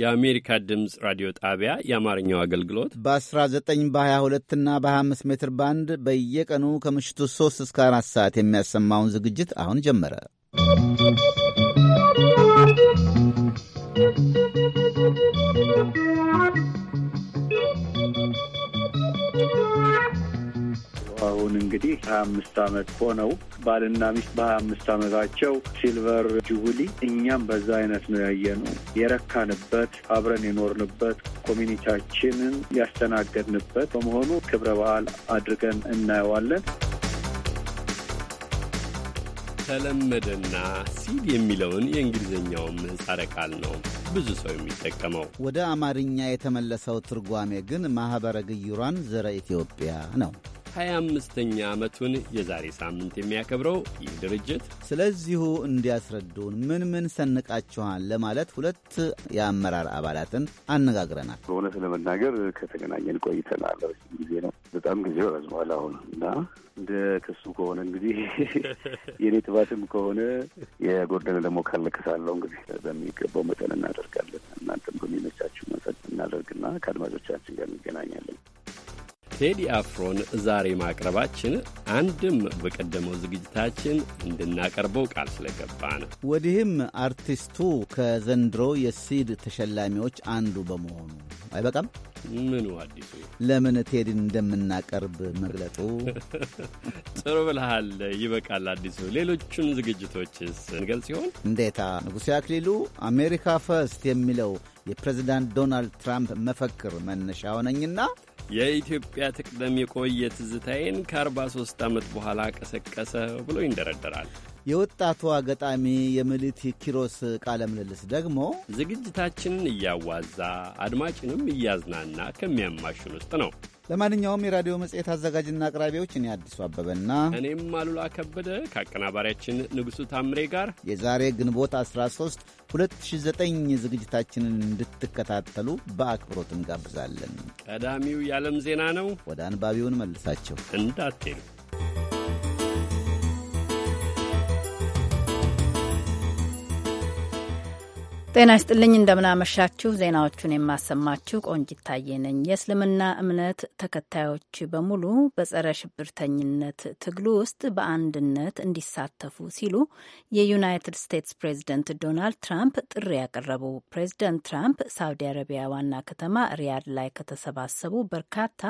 የአሜሪካ ድምፅ ራዲዮ ጣቢያ የአማርኛው አገልግሎት በ19 በ22 እና በ25 ሜትር ባንድ በየቀኑ ከምሽቱ 3 እስከ 4 ሰዓት የሚያሰማውን ዝግጅት አሁን ጀመረ። እንግዲህ ሀያ አምስት አመት ሆነው ባልና ሚስት በሀያ አምስት አመታቸው ሲልቨር ጁብሊ እኛም በዛ አይነት ነው ያየነው የረካንበት አብረን የኖርንበት ኮሚኒቲያችንን ያስተናገድንበት በመሆኑ ክብረ በዓል አድርገን እናየዋለን። ተለመደና ሲል የሚለውን የእንግሊዝኛውን ምህጻረ ቃል ነው ብዙ ሰው የሚጠቀመው። ወደ አማርኛ የተመለሰው ትርጓሜ ግን ማኅበረ ግዩራን ዘረ ኢትዮጵያ ነው። 25 አመቱን ዓመቱን የዛሬ ሳምንት የሚያከብረው ይህ ድርጅት ስለዚሁ እንዲያስረዱን ምን ምን ሰንቃችኋል ለማለት ሁለት የአመራር አባላትን አነጋግረናል። በእውነት ለመናገር ከተገናኘን ቆይተናል። ጊዜ ነው፣ በጣም ጊዜ ረዝሟል አሁን እና እንደ ክሱ ከሆነ እንግዲህ የእኔ ጥባትም ከሆነ የጎርደን ደግሞ ካለክሳለው እንግዲህ በሚገባው መጠን እናደርጋለን። እናንተም በሚመቻችሁ መጠን እናደርግና ከአድማጮቻችን ጋር እንገናኛለን። ቴዲ አፍሮን ዛሬ ማቅረባችን አንድም በቀደመው ዝግጅታችን እንድናቀርበው ቃል ስለገባ ነው። ወዲህም አርቲስቱ ከዘንድሮ የሲድ ተሸላሚዎች አንዱ በመሆኑ አይበቃም። ምኑ አዲሱ ለምን ቴዲን እንደምናቀርብ መግለጡ ጥሩ ብልሃል። ይበቃል አዲሱ። ሌሎቹን ዝግጅቶችስ እንገልጽ ሲሆን እንዴታ ንጉሴ አክሊሉ አሜሪካ ፈርስት የሚለው የፕሬዚዳንት ዶናልድ ትራምፕ መፈክር መነሻ ሆነኝና የኢትዮጵያ ትቅደም የቆየ ትዝታዬን ከ43 ዓመት በኋላ ቀሰቀሰ ብሎ ይንደረደራል። የወጣቷ ገጣሚ የምልቲ ኪሮስ ቃለ ምልልስ ደግሞ ዝግጅታችንን እያዋዛ አድማጭንም እያዝናና ከሚያማሽን ውስጥ ነው። ለማንኛውም የራዲዮ መጽሔት አዘጋጅና አቅራቢዎች እኔ አዲሱ አበበና እኔም አሉላ ከበደ ከአቀናባሪያችን ንጉሡ ታምሬ ጋር የዛሬ ግንቦት 13 2009 ዝግጅታችንን እንድትከታተሉ በአክብሮት እንጋብዛለን። ቀዳሚው የዓለም ዜና ነው። ወደ አንባቢውን መልሳቸው እንዳትሄዱ። ጤና ይስጥልኝ እንደምናመሻችሁ። ዜናዎቹን የማሰማችሁ ቆንጂት ታዬ ነኝ። የእስልምና እምነት ተከታዮች በሙሉ በጸረ ሽብርተኝነት ትግሉ ውስጥ በአንድነት እንዲሳተፉ ሲሉ የዩናይትድ ስቴትስ ፕሬዝደንት ዶናልድ ትራምፕ ጥሪ ያቀረቡ። ፕሬዝደንት ትራምፕ ሳውዲ አረቢያ ዋና ከተማ ሪያድ ላይ ከተሰባሰቡ በርካታ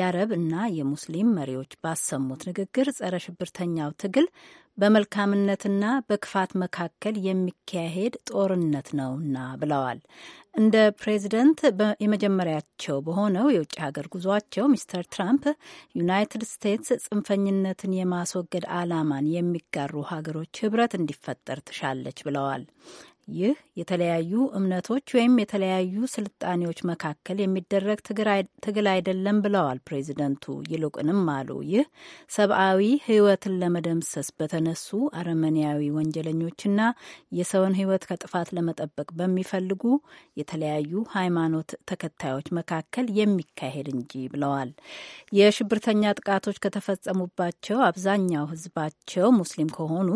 የአረብ እና የሙስሊም መሪዎች ባሰሙት ንግግር ጸረ ሽብርተኛው ትግል በመልካምነትና በክፋት መካከል የሚካሄድ ጦርነት ነውና ብለዋል። እንደ ፕሬዚደንት የመጀመሪያቸው በሆነው የውጭ ሀገር ጉዟቸው ሚስተር ትራምፕ ዩናይትድ ስቴትስ ጽንፈኝነትን የማስወገድ ዓላማን የሚጋሩ ሀገሮች ህብረት እንዲፈጠር ትሻለች ብለዋል። ይህ የተለያዩ እምነቶች ወይም የተለያዩ ስልጣኔዎች መካከል የሚደረግ ትግል አይደለም ብለዋል ፕሬዚደንቱ። ይልቁንም አሉ ይህ ሰብአዊ ሕይወትን ለመደምሰስ በተነሱ አረመኔያዊ ወንጀለኞችና የሰውን ሕይወት ከጥፋት ለመጠበቅ በሚፈልጉ የተለያዩ ሃይማኖት ተከታዮች መካከል የሚካሄድ እንጂ ብለዋል። የሽብርተኛ ጥቃቶች ከተፈጸሙባቸው አብዛኛው ሕዝባቸው ሙስሊም ከሆኑ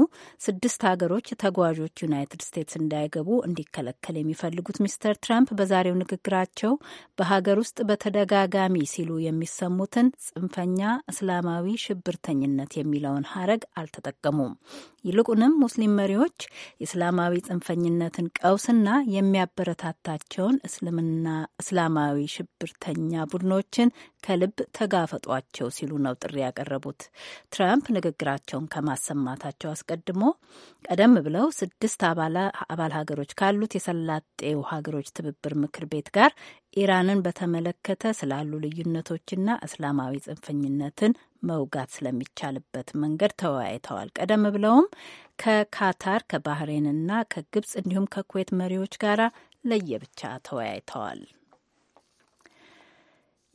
ስድስት ሀገሮች ተጓዦች ዩናይትድ ስቴትስ እንዳ እንዳይገቡ እንዲከለከል የሚፈልጉት ሚስተር ትራምፕ በዛሬው ንግግራቸው በሀገር ውስጥ በተደጋጋሚ ሲሉ የሚሰሙትን ጽንፈኛ እስላማዊ ሽብርተኝነት የሚለውን ሀረግ አልተጠቀሙም። ይልቁንም ሙስሊም መሪዎች የእስላማዊ ጽንፈኝነትን ቀውስና የሚያበረታታቸውን እስልምና እስላማዊ ሽብርተኛ ቡድኖችን ከልብ ተጋፈጧቸው ሲሉ ነው ጥሪ ያቀረቡት። ትራምፕ ንግግራቸውን ከማሰማታቸው አስቀድሞ ቀደም ብለው ስድስት አባል ሀገሮች ካሉት የሰላጤው ሀገሮች ትብብር ምክር ቤት ጋር ኢራንን በተመለከተ ስላሉ ልዩነቶችና እስላማዊ ጽንፈኝነትን መውጋት ስለሚቻልበት መንገድ ተወያይተዋል። ቀደም ብለውም ከካታር ከባህሬንና ከግብጽ እንዲሁም ከኩዌት መሪዎች ጋር ለየብቻ ተወያይተዋል።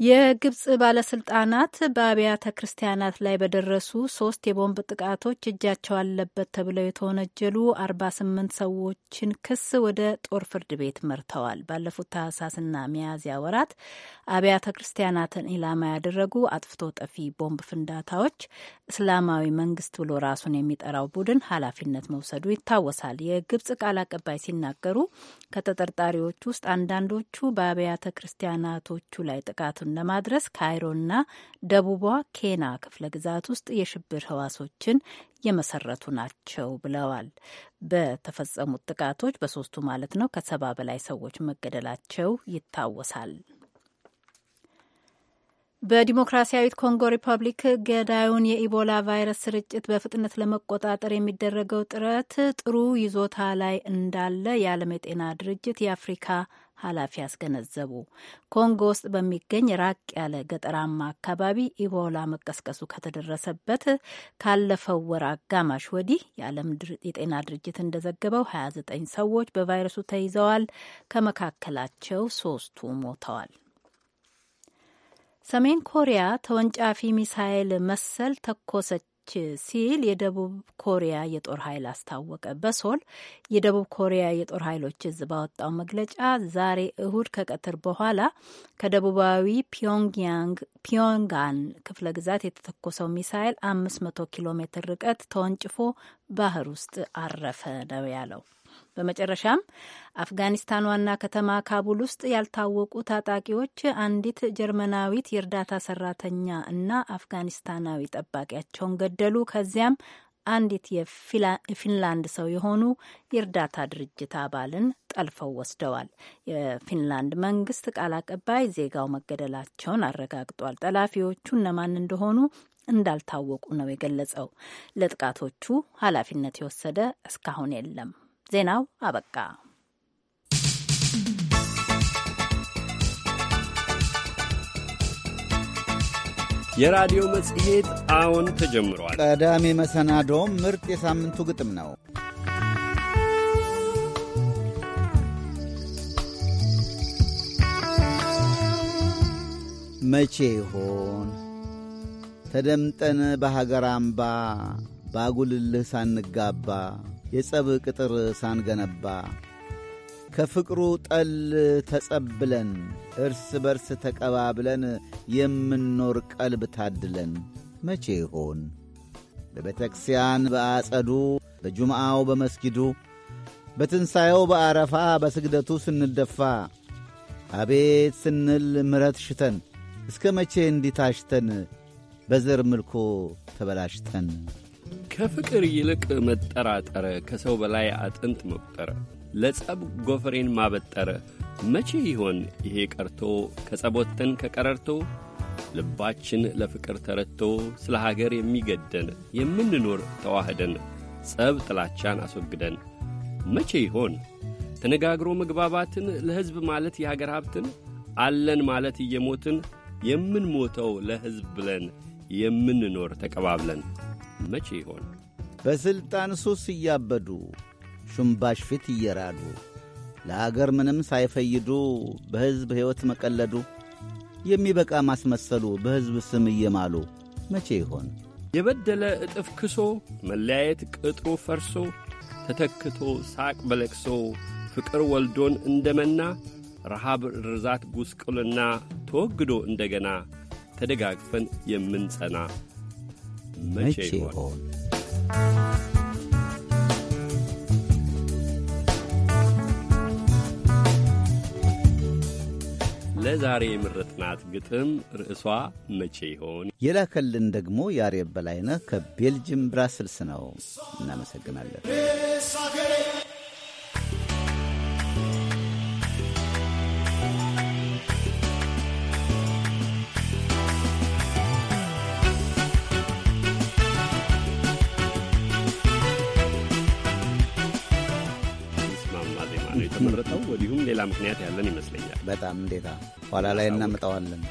የግብጽ ባለስልጣናት በአብያተ ክርስቲያናት ላይ በደረሱ ሶስት የቦምብ ጥቃቶች እጃቸው አለበት ተብለው የተወነጀሉ አርባ ስምንት ሰዎችን ክስ ወደ ጦር ፍርድ ቤት መርተዋል። ባለፉት ታህሳስና ሚያዝያ ወራት አብያተ ክርስቲያናትን ኢላማ ያደረጉ አጥፍቶ ጠፊ ቦምብ ፍንዳታዎች እስላማዊ መንግስት ብሎ ራሱን የሚጠራው ቡድን ኃላፊነት መውሰዱ ይታወሳል። የግብጽ ቃል አቀባይ ሲናገሩ ከተጠርጣሪዎች ውስጥ አንዳንዶቹ በአብያተ ክርስቲያናቶቹ ላይ ጥቃት ጥቃቱን ለማድረስ ካይሮና ደቡቧ ኬና ክፍለ ግዛት ውስጥ የሽብር ህዋሶችን የመሰረቱ ናቸው ብለዋል። በተፈጸሙት ጥቃቶች በሶስቱ ማለት ነው ከሰባ በላይ ሰዎች መገደላቸው ይታወሳል። በዲሞክራሲያዊት ኮንጎ ሪፐብሊክ ገዳዩን የኢቦላ ቫይረስ ስርጭት በፍጥነት ለመቆጣጠር የሚደረገው ጥረት ጥሩ ይዞታ ላይ እንዳለ የዓለም የጤና ድርጅት የአፍሪካ ኃላፊ አስገነዘቡ። ኮንጎ ውስጥ በሚገኝ ራቅ ያለ ገጠራማ አካባቢ ኢቦላ መቀስቀሱ ከተደረሰበት ካለፈው ወር አጋማሽ ወዲህ የዓለም የጤና ድርጅት እንደዘገበው 29 ሰዎች በቫይረሱ ተይዘዋል። ከመካከላቸው ሶስቱ ሞተዋል። ሰሜን ኮሪያ ተወንጫፊ ሚሳኤል መሰል ተኮሰች ነች ሲል የደቡብ ኮሪያ የጦር ኃይል አስታወቀ። በሶል የደቡብ ኮሪያ የጦር ኃይሎች እዝ ባወጣው መግለጫ ዛሬ እሁድ ከቀትር በኋላ ከደቡባዊ ፒዮንግያንግ ፒዮንጋን ክፍለ ግዛት የተተኮሰው ሚሳይል መቶ ኪሎ ሜትር ርቀት ተወንጭፎ ባህር ውስጥ አረፈ ነው ያለው። በመጨረሻም አፍጋኒስታን ዋና ከተማ ካቡል ውስጥ ያልታወቁ ታጣቂዎች አንዲት ጀርመናዊት የእርዳታ ሰራተኛ እና አፍጋኒስታናዊ ጠባቂያቸውን ገደሉ። ከዚያም አንዲት የፊንላንድ ሰው የሆኑ የእርዳታ ድርጅት አባልን ጠልፈው ወስደዋል። የፊንላንድ መንግስት ቃል አቀባይ ዜጋው መገደላቸውን አረጋግጧል። ጠላፊዎቹ እነማን እንደሆኑ እንዳልታወቁ ነው የገለጸው። ለጥቃቶቹ ኃላፊነት የወሰደ እስካሁን የለም። ዜናው አበቃ። የራዲዮ መጽሔት አሁን ተጀምሯል። ቀዳሚ መሰናዶ ምርጥ የሳምንቱ ግጥም ነው። መቼ ይሆን ተደምጠን በሀገር አምባ ባጉልልህ ሳንጋባ የጸብ ቅጥር ሳንገነባ ከፍቅሩ ጠል ተጸብለን እርስ በርስ ተቀባብለን የምንኖር ቀልብ ታድለን መቼ ይሆን በቤተ ክርስቲያን በአጸዱ በጁምዓው በመስጊዱ በትንሣኤው በአረፋ በስግደቱ ስንደፋ አቤት ስንል ምረት ሽተን እስከ መቼ እንዲታሽተን በዘር ምልኮ ተበላሽተን ከፍቅር ይልቅ መጠራጠረ፣ ከሰው በላይ አጥንት መቁጠረ፣ ለጸብ ጎፈሬን ማበጠረ፣ መቼ ይሆን ይሄ ቀርቶ ከጸቦትን ከቀረርቶ ልባችን ለፍቅር ተረቶ ስለ ሀገር የሚገደን የምንኖር ተዋህደን ጸብ ጥላቻን አስወግደን መቼ ይሆን ተነጋግሮ መግባባትን ለሕዝብ ማለት የሀገር ሀብትን አለን ማለት እየሞትን የምንሞተው ለሕዝብ ብለን የምንኖር ተቀባብለን መቼ ይሆን? በሥልጣን ሱስ እያበዱ ሹምባሽ ፊት እየራዱ ለአገር ምንም ሳይፈይዱ በሕዝብ ሕይወት መቀለዱ የሚበቃ ማስመሰሉ በሕዝብ ስም እየማሉ መቼ ይሆን? የበደለ እጥፍ ክሶ መለያየት ቅጥሩ ፈርሶ ተተክቶ ሳቅ በለቅሶ ፍቅር ወልዶን እንደመና ረሃብ ርዛት ጉስቁልና ተወግዶ እንደገና ተደጋግፈን የምንጸና መቼ ይሆን? ለዛሬ የምረጥናት ግጥም ርዕሷ መቼ ይሆን? የላከልን ደግሞ ያሬ በላይነህ ከቤልጅም ብራስልስ ነው። እናመሰግናለን። የመረጠው ወዲሁም ሌላ ምክንያት ያለን ይመስለኛል። በጣም እንዴታ፣ ኋላ ላይ እናምጠዋለን።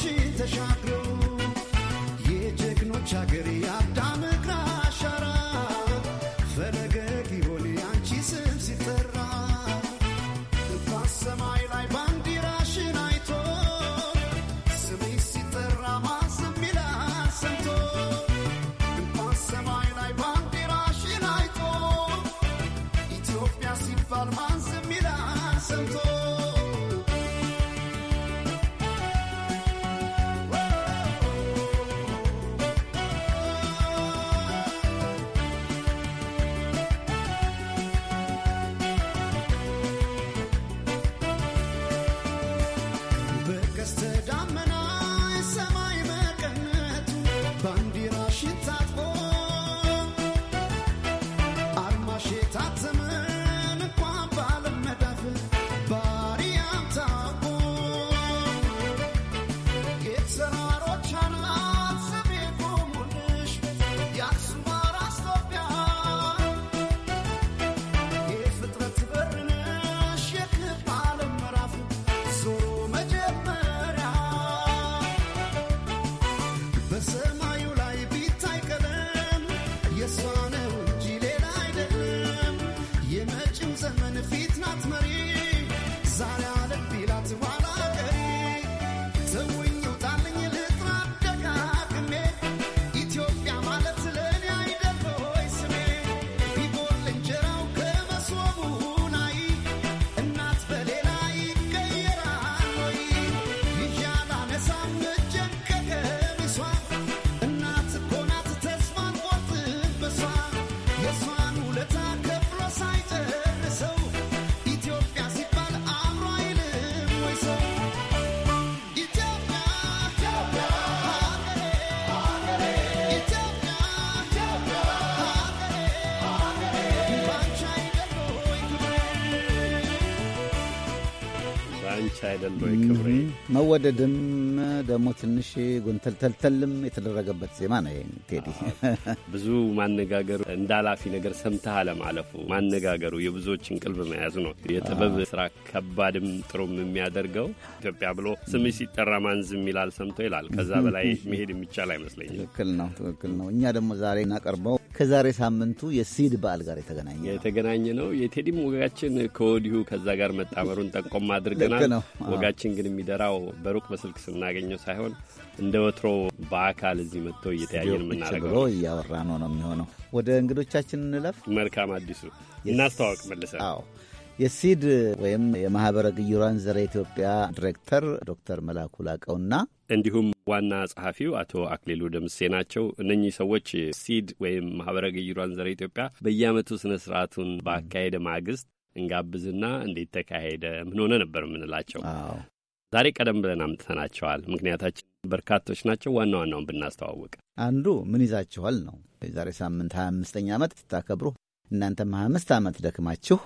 she አይደል ወይ? ክብሬ መወደድም ደግሞ ትንሽ ጎንተልተልተልም የተደረገበት ዜማ ነው። ቴዲ ብዙ ማነጋገሩ እንደ ኃላፊ ነገር ሰምተህ አለማለፉ ማነጋገሩ የብዙዎችን ቅልብ መያዙ ነው። የጥበብ ስራ ከባድም ጥሩም የሚያደርገው ኢትዮጵያ ብሎ ስምሽ ሲጠራ ማንዝም ይላል ሰምቶ ይላል። ከዛ በላይ መሄድ የሚቻል አይመስለኝም። ትክክል ነው፣ ትክክል ነው። እኛ ደግሞ ዛሬ እናቀርበው ከዛሬ ሳምንቱ የሲድ በዓል ጋር የተገናኘ የተገናኘ ነው። የቴዲም ወጋችን ከወዲሁ ከዛ ጋር መጣመሩን ጠቆም አድርገናል። ወጋችን ግን የሚደራው በሩቅ በስልክ ስናገኘው ሳይሆን እንደ ወትሮ በአካል እዚህ መጥቶ እየተያየ የምናደርገው እያወራ ነው ነው የሚሆነው። ወደ እንግዶቻችን እንለፍ። መልካም አዲሱ እናስተዋወቅ መልሰ አዎ የሲድ ወይም የማህበረ ግዩራን ዘረ ኢትዮጵያ ዲሬክተር ዶክተር መላኩ ላቀውና እንዲሁም ዋና ጸሐፊው አቶ አክሊሉ ደምሴ ናቸው። እነኚህ ሰዎች ሲድ ወይም ማህበረ ግዩራን ዘረ ኢትዮጵያ በየዓመቱ ስነ ስርዓቱን ባካሄደ ማግስት እንጋብዝና እንዴት ተካሄደ ምን ሆነ ነበር የምንላቸው። ዛሬ ቀደም ብለን አምጥተናቸዋል። ምክንያታችን በርካቶች ናቸው። ዋና ዋናውን ብናስተዋውቅ አንዱ ምን ይዛችኋል ነው። የዛሬ ሳምንት 25ኛ ዓመት ስታከብሩ እናንተም 25 ዓመት ደክማችሁ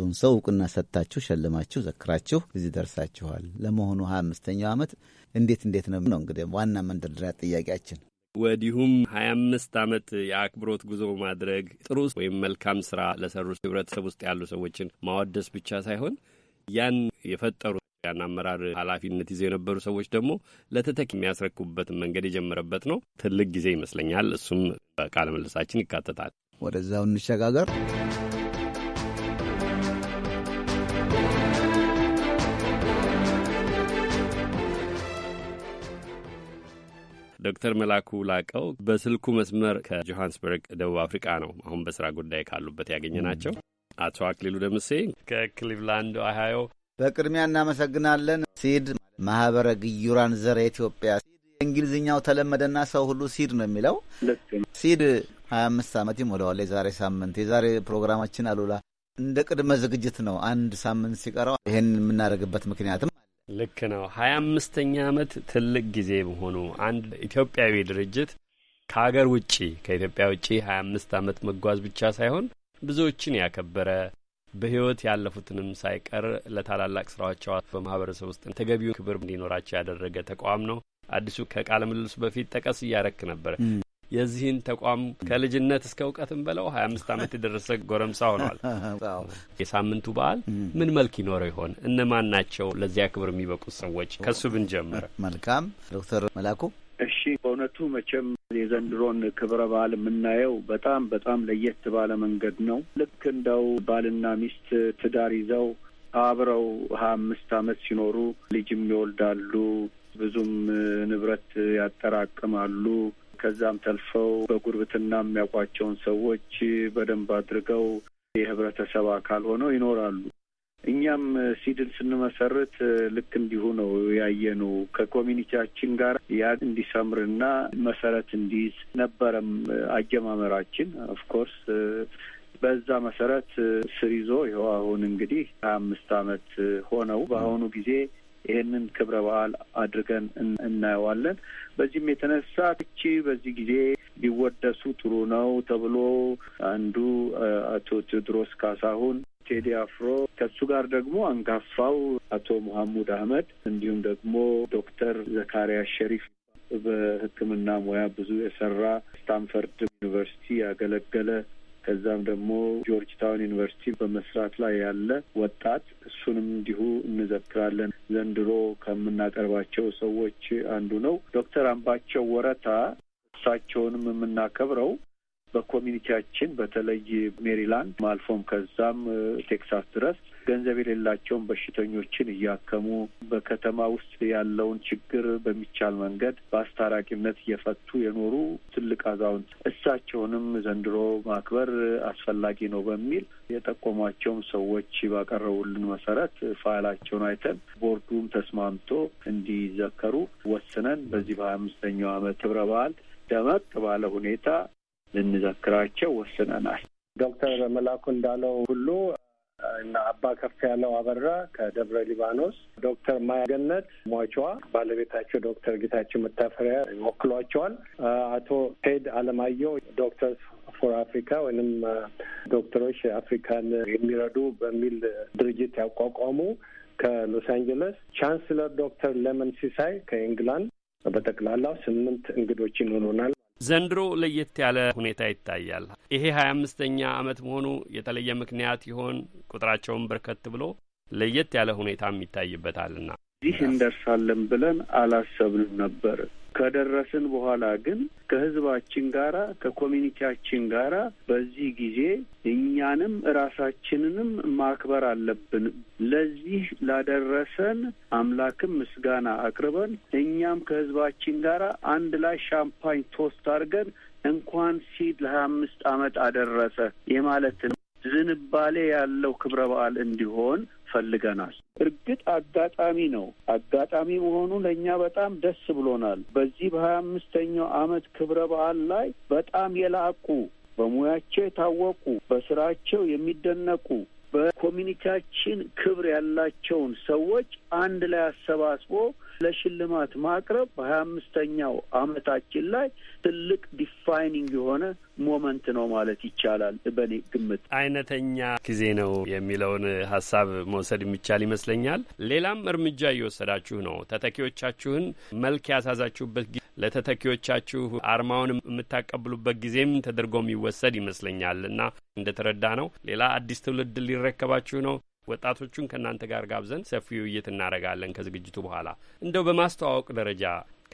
ሁን ሰው እውቅና ሰጥታችሁ ሸልማችሁ ዘክራችሁ እዚህ ደርሳችኋል። ለመሆኑ ሀያ አምስተኛው ዓመት እንዴት እንዴት ነው ነው እንግዲህ ዋና መንደርደሪያ ጥያቄያችን። ወዲሁም ሀያ አምስት ዓመት የአክብሮት ጉዞ ማድረግ ጥሩ ወይም መልካም ስራ ለሰሩ ህብረተሰብ ውስጥ ያሉ ሰዎችን ማወደስ ብቻ ሳይሆን ያን የፈጠሩ ያን አመራር ኃላፊነት ይዘው የነበሩ ሰዎች ደግሞ ለተተክ የሚያስረክቡበትን መንገድ የጀመረበት ነው። ትልቅ ጊዜ ይመስለኛል። እሱም በቃለ ምልልሳችን ይካተታል። ወደዛው እንሸጋገር። ዶክተር መላኩ ላቀው በስልኩ መስመር ከጆሃንስበርግ ደቡብ አፍሪቃ ነው አሁን በስራ ጉዳይ ካሉበት ያገኘ ናቸው። አቶ አክሊሉ ደምሴ ከክሊቭላንድ ኦሃዮ በቅድሚያ እናመሰግናለን። ሲድ ማህበረ ግዩራን ዘረ ኢትዮጵያ እንግሊዝኛው ተለመደና ሰው ሁሉ ሲድ ነው የሚለው። ሲድ ሀያ አምስት ዓመት ይሞላዋል የዛሬ ሳምንት። የዛሬ ፕሮግራማችን አሉላ እንደ ቅድመ ዝግጅት ነው። አንድ ሳምንት ሲቀረው ይህን የምናደርግበት ምክንያትም ልክ ነው። ሀያ አምስተኛ ዓመት ትልቅ ጊዜ መሆኑ አንድ ኢትዮጵያዊ ድርጅት ከሀገር ውጭ ከኢትዮጵያ ውጭ ሀያ አምስት ዓመት መጓዝ ብቻ ሳይሆን ብዙዎችን ያከበረ በህይወት ያለፉትንም ሳይቀር ለታላላቅ ስራዎቿ በማህበረሰብ ውስጥ ተገቢው ክብር እንዲኖራቸው ያደረገ ተቋም ነው። አዲሱ ከቃለ ምልልሱ በፊት ጠቀስ እያረክ ነበር። የዚህን ተቋም ከልጅነት እስከ እውቀትም በለው ሀያ አምስት ዓመት የደረሰ ጎረምሳ ሆኗል። የሳምንቱ በዓል ምን መልክ ይኖረው ይሆን? እነማን ናቸው ለዚያ ክብር የሚበቁት ሰዎች? ከሱ ብንጀምር መልካም። ዶክተር መላኩ እሺ በእውነቱ መቼም የዘንድሮን ክብረ በዓል የምናየው በጣም በጣም ለየት ባለ መንገድ ነው። ልክ እንደው ባልና ሚስት ትዳር ይዘው አብረው ሀያ አምስት ዓመት ሲኖሩ ልጅም ይወልዳሉ፣ ብዙም ንብረት ያጠራቅማሉ። ከዛም ተልፈው በጉርብትና የሚያውቋቸውን ሰዎች በደንብ አድርገው የህብረተሰብ አካል ሆነው ይኖራሉ። እኛም ሲድን ስንመሰርት ልክ እንዲሁ ነው ያየነው። ከኮሚኒቲያችን ጋር ያ እንዲሰምርና መሰረት እንዲይዝ ነበረም አጀማመራችን። ኦፍኮርስ በዛ መሰረት ስር ይዞ ይኸው አሁን እንግዲህ ሀያ አምስት አመት ሆነው በአሁኑ ጊዜ ይህንን ክብረ በዓል አድርገን እናየዋለን። በዚህም የተነሳ ትቺ በዚህ ጊዜ ቢወደሱ ጥሩ ነው ተብሎ አንዱ አቶ ቴዎድሮስ ካሳሁን ቴዲ አፍሮ ከሱ ጋር ደግሞ አንጋፋው አቶ መሐሙድ አህመድ እንዲሁም ደግሞ ዶክተር ዘካሪያ ሸሪፍ በሕክምና ሙያ ብዙ የሰራ ስታንፈርድ ዩኒቨርሲቲ ያገለገለ ከዛም ደግሞ ጆርጅ ታውን ዩኒቨርሲቲ በመስራት ላይ ያለ ወጣት እሱንም እንዲሁ እንዘክራለን። ዘንድሮ ከምናቀርባቸው ሰዎች አንዱ ነው። ዶክተር አምባቸው ወረታ እሳቸውንም የምናከብረው በኮሚኒቲያችን በተለይ ሜሪላንድ አልፎም ከዛም ቴክሳስ ድረስ ገንዘብ የሌላቸውን በሽተኞችን እያከሙ በከተማ ውስጥ ያለውን ችግር በሚቻል መንገድ በአስታራቂነት እየፈቱ የኖሩ ትልቅ አዛውንት እሳቸውንም ዘንድሮ ማክበር አስፈላጊ ነው በሚል የጠቆሟቸውም ሰዎች ባቀረቡልን መሰረት ፋይላቸውን አይተን ቦርዱም ተስማምቶ እንዲዘከሩ ወስነን በዚህ በሀያ አምስተኛው ዓመት ክብረ በዓል ደመቅ ባለ ሁኔታ ልንዘክራቸው ወስነናል። ዶክተር መላኩ እንዳለው ሁሉ እና አባ ከፍ ያለው አበራ ከደብረ ሊባኖስ፣ ዶክተር ማያገነት ሟቿ ባለቤታቸው ዶክተር ጌታቸው መታፈሪያ ይወክሏቸዋል። አቶ ቴድ አለማየሁ ዶክተር ፎር አፍሪካ ወይንም ዶክተሮች አፍሪካን የሚረዱ በሚል ድርጅት ያቋቋሙ ከሎስ አንጀለስ፣ ቻንስለር ዶክተር ለመን ሲሳይ ከኢንግላንድ በጠቅላላው ስምንት እንግዶች ይኖሩናል። ዘንድሮ ለየት ያለ ሁኔታ ይታያል። ይሄ ሀያ አምስተኛ አመት መሆኑ የተለየ ምክንያት ይሆን? ቁጥራቸውን በርከት ብሎ ለየት ያለ ሁኔታም ይታይበታልና እዚህ እንደርሳለን ብለን አላሰብንም ነበር። ከደረስን በኋላ ግን ከህዝባችን ጋራ ከኮሚኒቲያችን ጋራ በዚህ ጊዜ እኛንም ራሳችንንም ማክበር አለብን። ለዚህ ላደረሰን አምላክም ምስጋና አቅርበን እኛም ከህዝባችን ጋራ አንድ ላይ ሻምፓኝ ቶስት አድርገን እንኳን ሲድ ለሀያ አምስት አመት አደረሰ የማለት ነው ዝንባሌ ያለው ክብረ በዓል እንዲሆን ፈልገናል። እርግጥ አጋጣሚ ነው። አጋጣሚ መሆኑ ለእኛ በጣም ደስ ብሎናል። በዚህ በሀያ አምስተኛው ዓመት ክብረ በዓል ላይ በጣም የላቁ በሙያቸው የታወቁ በስራቸው የሚደነቁ በኮሚኒቲያችን ክብር ያላቸውን ሰዎች አንድ ላይ አሰባስቦ ለሽልማት ማቅረብ በሀያ አምስተኛው አመታችን ላይ ትልቅ ዲፋይኒንግ የሆነ ሞመንት ነው ማለት ይቻላል። በእኔ ግምት አይነተኛ ጊዜ ነው የሚለውን ሀሳብ መውሰድ የሚቻል ይመስለኛል። ሌላም እርምጃ እየወሰዳችሁ ነው። ተተኪዎቻችሁን መልክ ያሳዛችሁበት ጊዜ ለተተኪዎቻችሁ አርማውን የምታቀብሉበት ጊዜም ተደርጎ የሚወሰድ ይመስለኛል እና እንደተረዳ ነው ሌላ አዲስ ትውልድ ሊረከባችሁ ነው። ወጣቶቹን ከእናንተ ጋር ጋብዘን ሰፊ ውይይት እናደርጋለን ከዝግጅቱ በኋላ። እንደው በማስተዋወቅ ደረጃ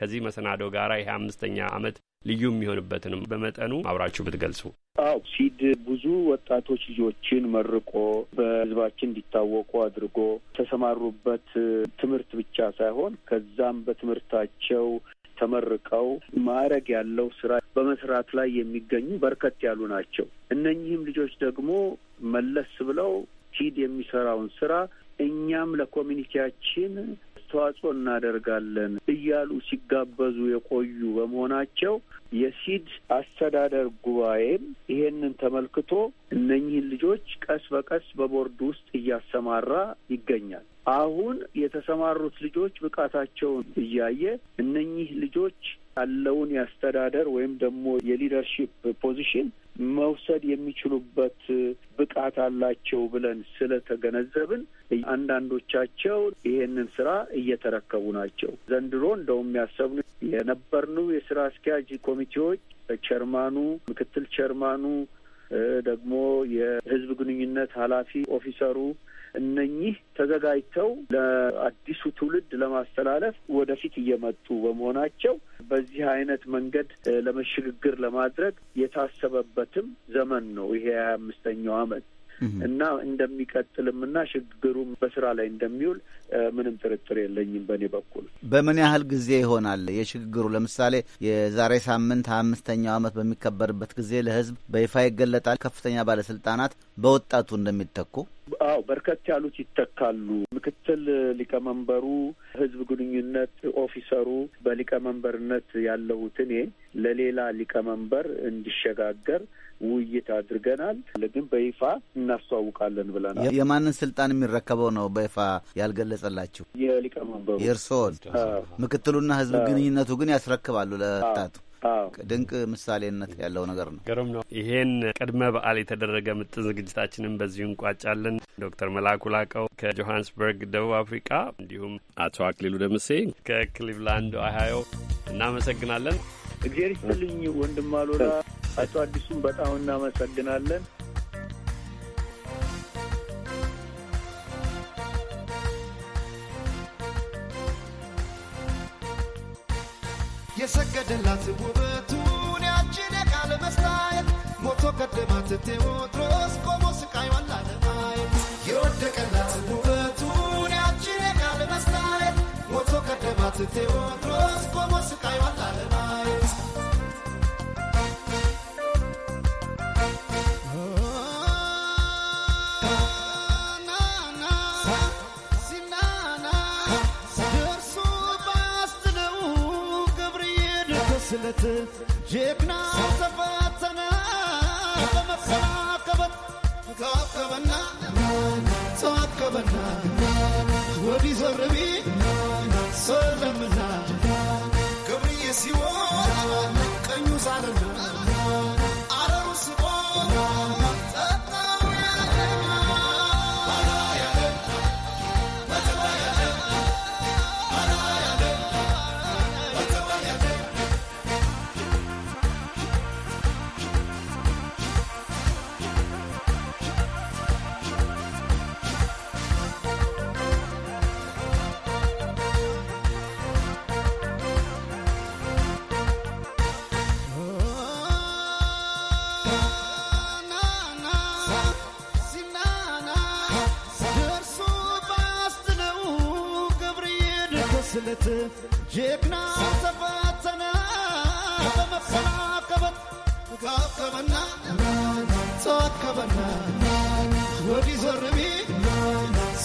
ከዚህ መሰናዶ ጋር ይሄ አምስተኛ ዓመት ልዩ የሚሆንበትንም በመጠኑ አብራችሁ ብትገልጹ። አው ሲድ ብዙ ወጣቶች ልጆችን መርቆ በህዝባችን እንዲታወቁ አድርጎ ተሰማሩበት ትምህርት ብቻ ሳይሆን ከዛም በትምህርታቸው ተመርቀው ማዕረግ ያለው ስራ በመስራት ላይ የሚገኙ በርከት ያሉ ናቸው። እነኚህም ልጆች ደግሞ መለስ ብለው ሂድ የሚሰራውን ስራ እኛም ለኮሚኒቲያችን አስተዋጽኦ እናደርጋለን እያሉ ሲጋበዙ የቆዩ በመሆናቸው የሲድ አስተዳደር ጉባኤም ይሄንን ተመልክቶ እነኚህን ልጆች ቀስ በቀስ በቦርድ ውስጥ እያሰማራ ይገኛል። አሁን የተሰማሩት ልጆች ብቃታቸውን እያየ እነኚህ ልጆች ያለውን የአስተዳደር ወይም ደግሞ የሊደርሺፕ ፖዚሽን መውሰድ የሚችሉበት ብቃት አላቸው ብለን ስለተገነዘብን አንዳንዶቻቸው ይሄንን ስራ እየተረከቡ ናቸው። ዘንድሮ እንደውም ያሰብን የነበርነው የስራ አስኪያጅ ኮሚቴዎች ቸርማኑ፣ ምክትል ቸርማኑ ደግሞ የህዝብ ግንኙነት ኃላፊ ኦፊሰሩ እነኚህ ተዘጋጅተው ለአዲሱ ትውልድ ለማስተላለፍ ወደፊት እየመጡ በመሆናቸው በዚህ አይነት መንገድ ለመሽግግር ለማድረግ የታሰበበትም ዘመን ነው ይሄ ሀያ አምስተኛው አመት። እና እንደሚቀጥልም እና ሽግግሩም በስራ ላይ እንደሚውል ምንም ጥርጥር የለኝም። በእኔ በኩል በምን ያህል ጊዜ ይሆናል የሽግግሩ? ለምሳሌ የዛሬ ሳምንት ሀያ አምስተኛው ዓመት በሚከበርበት ጊዜ ለህዝብ በይፋ ይገለጣል። ከፍተኛ ባለስልጣናት በወጣቱ እንደሚተኩ አዎ፣ በርከት ያሉት ይተካሉ። ምክትል ሊቀመንበሩ፣ ህዝብ ግንኙነት ኦፊሰሩ በሊቀመንበርነት ያለሁት እኔ ለሌላ ሊቀመንበር እንዲሸጋገር ውይይት አድርገናል። ለግን በይፋ እናስተዋውቃለን ብለናል። የማንን ስልጣን የሚረከበው ነው በይፋ ያልገለጸላችሁ? የሊቀመንበሩ የእርስዎን። ምክትሉና ህዝብ ግንኙነቱ ግን ያስረክባሉ ለጣቱ ድንቅ ምሳሌነት ያለው ነገር ነው። ገሩም ነው። ይሄን ቅድመ በዓል የተደረገ ምጥን ዝግጅታችንን በዚሁ እንቋጫለን። ዶክተር መላኩ ላቀው ከጆሃንስበርግ ደቡብ አፍሪካ፣ እንዲሁም አቶ አክሊሉ ደምሴ ከክሊቭላንድ ኦሃዮ እናመሰግናለን። እግዚአብሔር ይስጥልኝ ወንድም አሉላ። አቶ አዲሱም በጣም እናመሰግናለን። የሰገደላት ውበቱን ያችን የቃለ መስታየት ሞቶ ቀደማት ቴዎድሮስ ቆሞ ስቃዩ አላለማየት የወደቀላት ውበቱን ያችን የቃለ መስታየት ሞቶ ቀደማት ቴዎድሮስ ቆሞ ስቃዩ አላለማየት በእምነት ጀግና ተፈተነ በመከባከበት ተዋከበና ተዋከበና ወዲህ ዞር ቢል ሰለምና ገብርዬ ሲሆን ቀኙ ሳርና አረሩ ሲሆን ወዲህ ዞር ቢል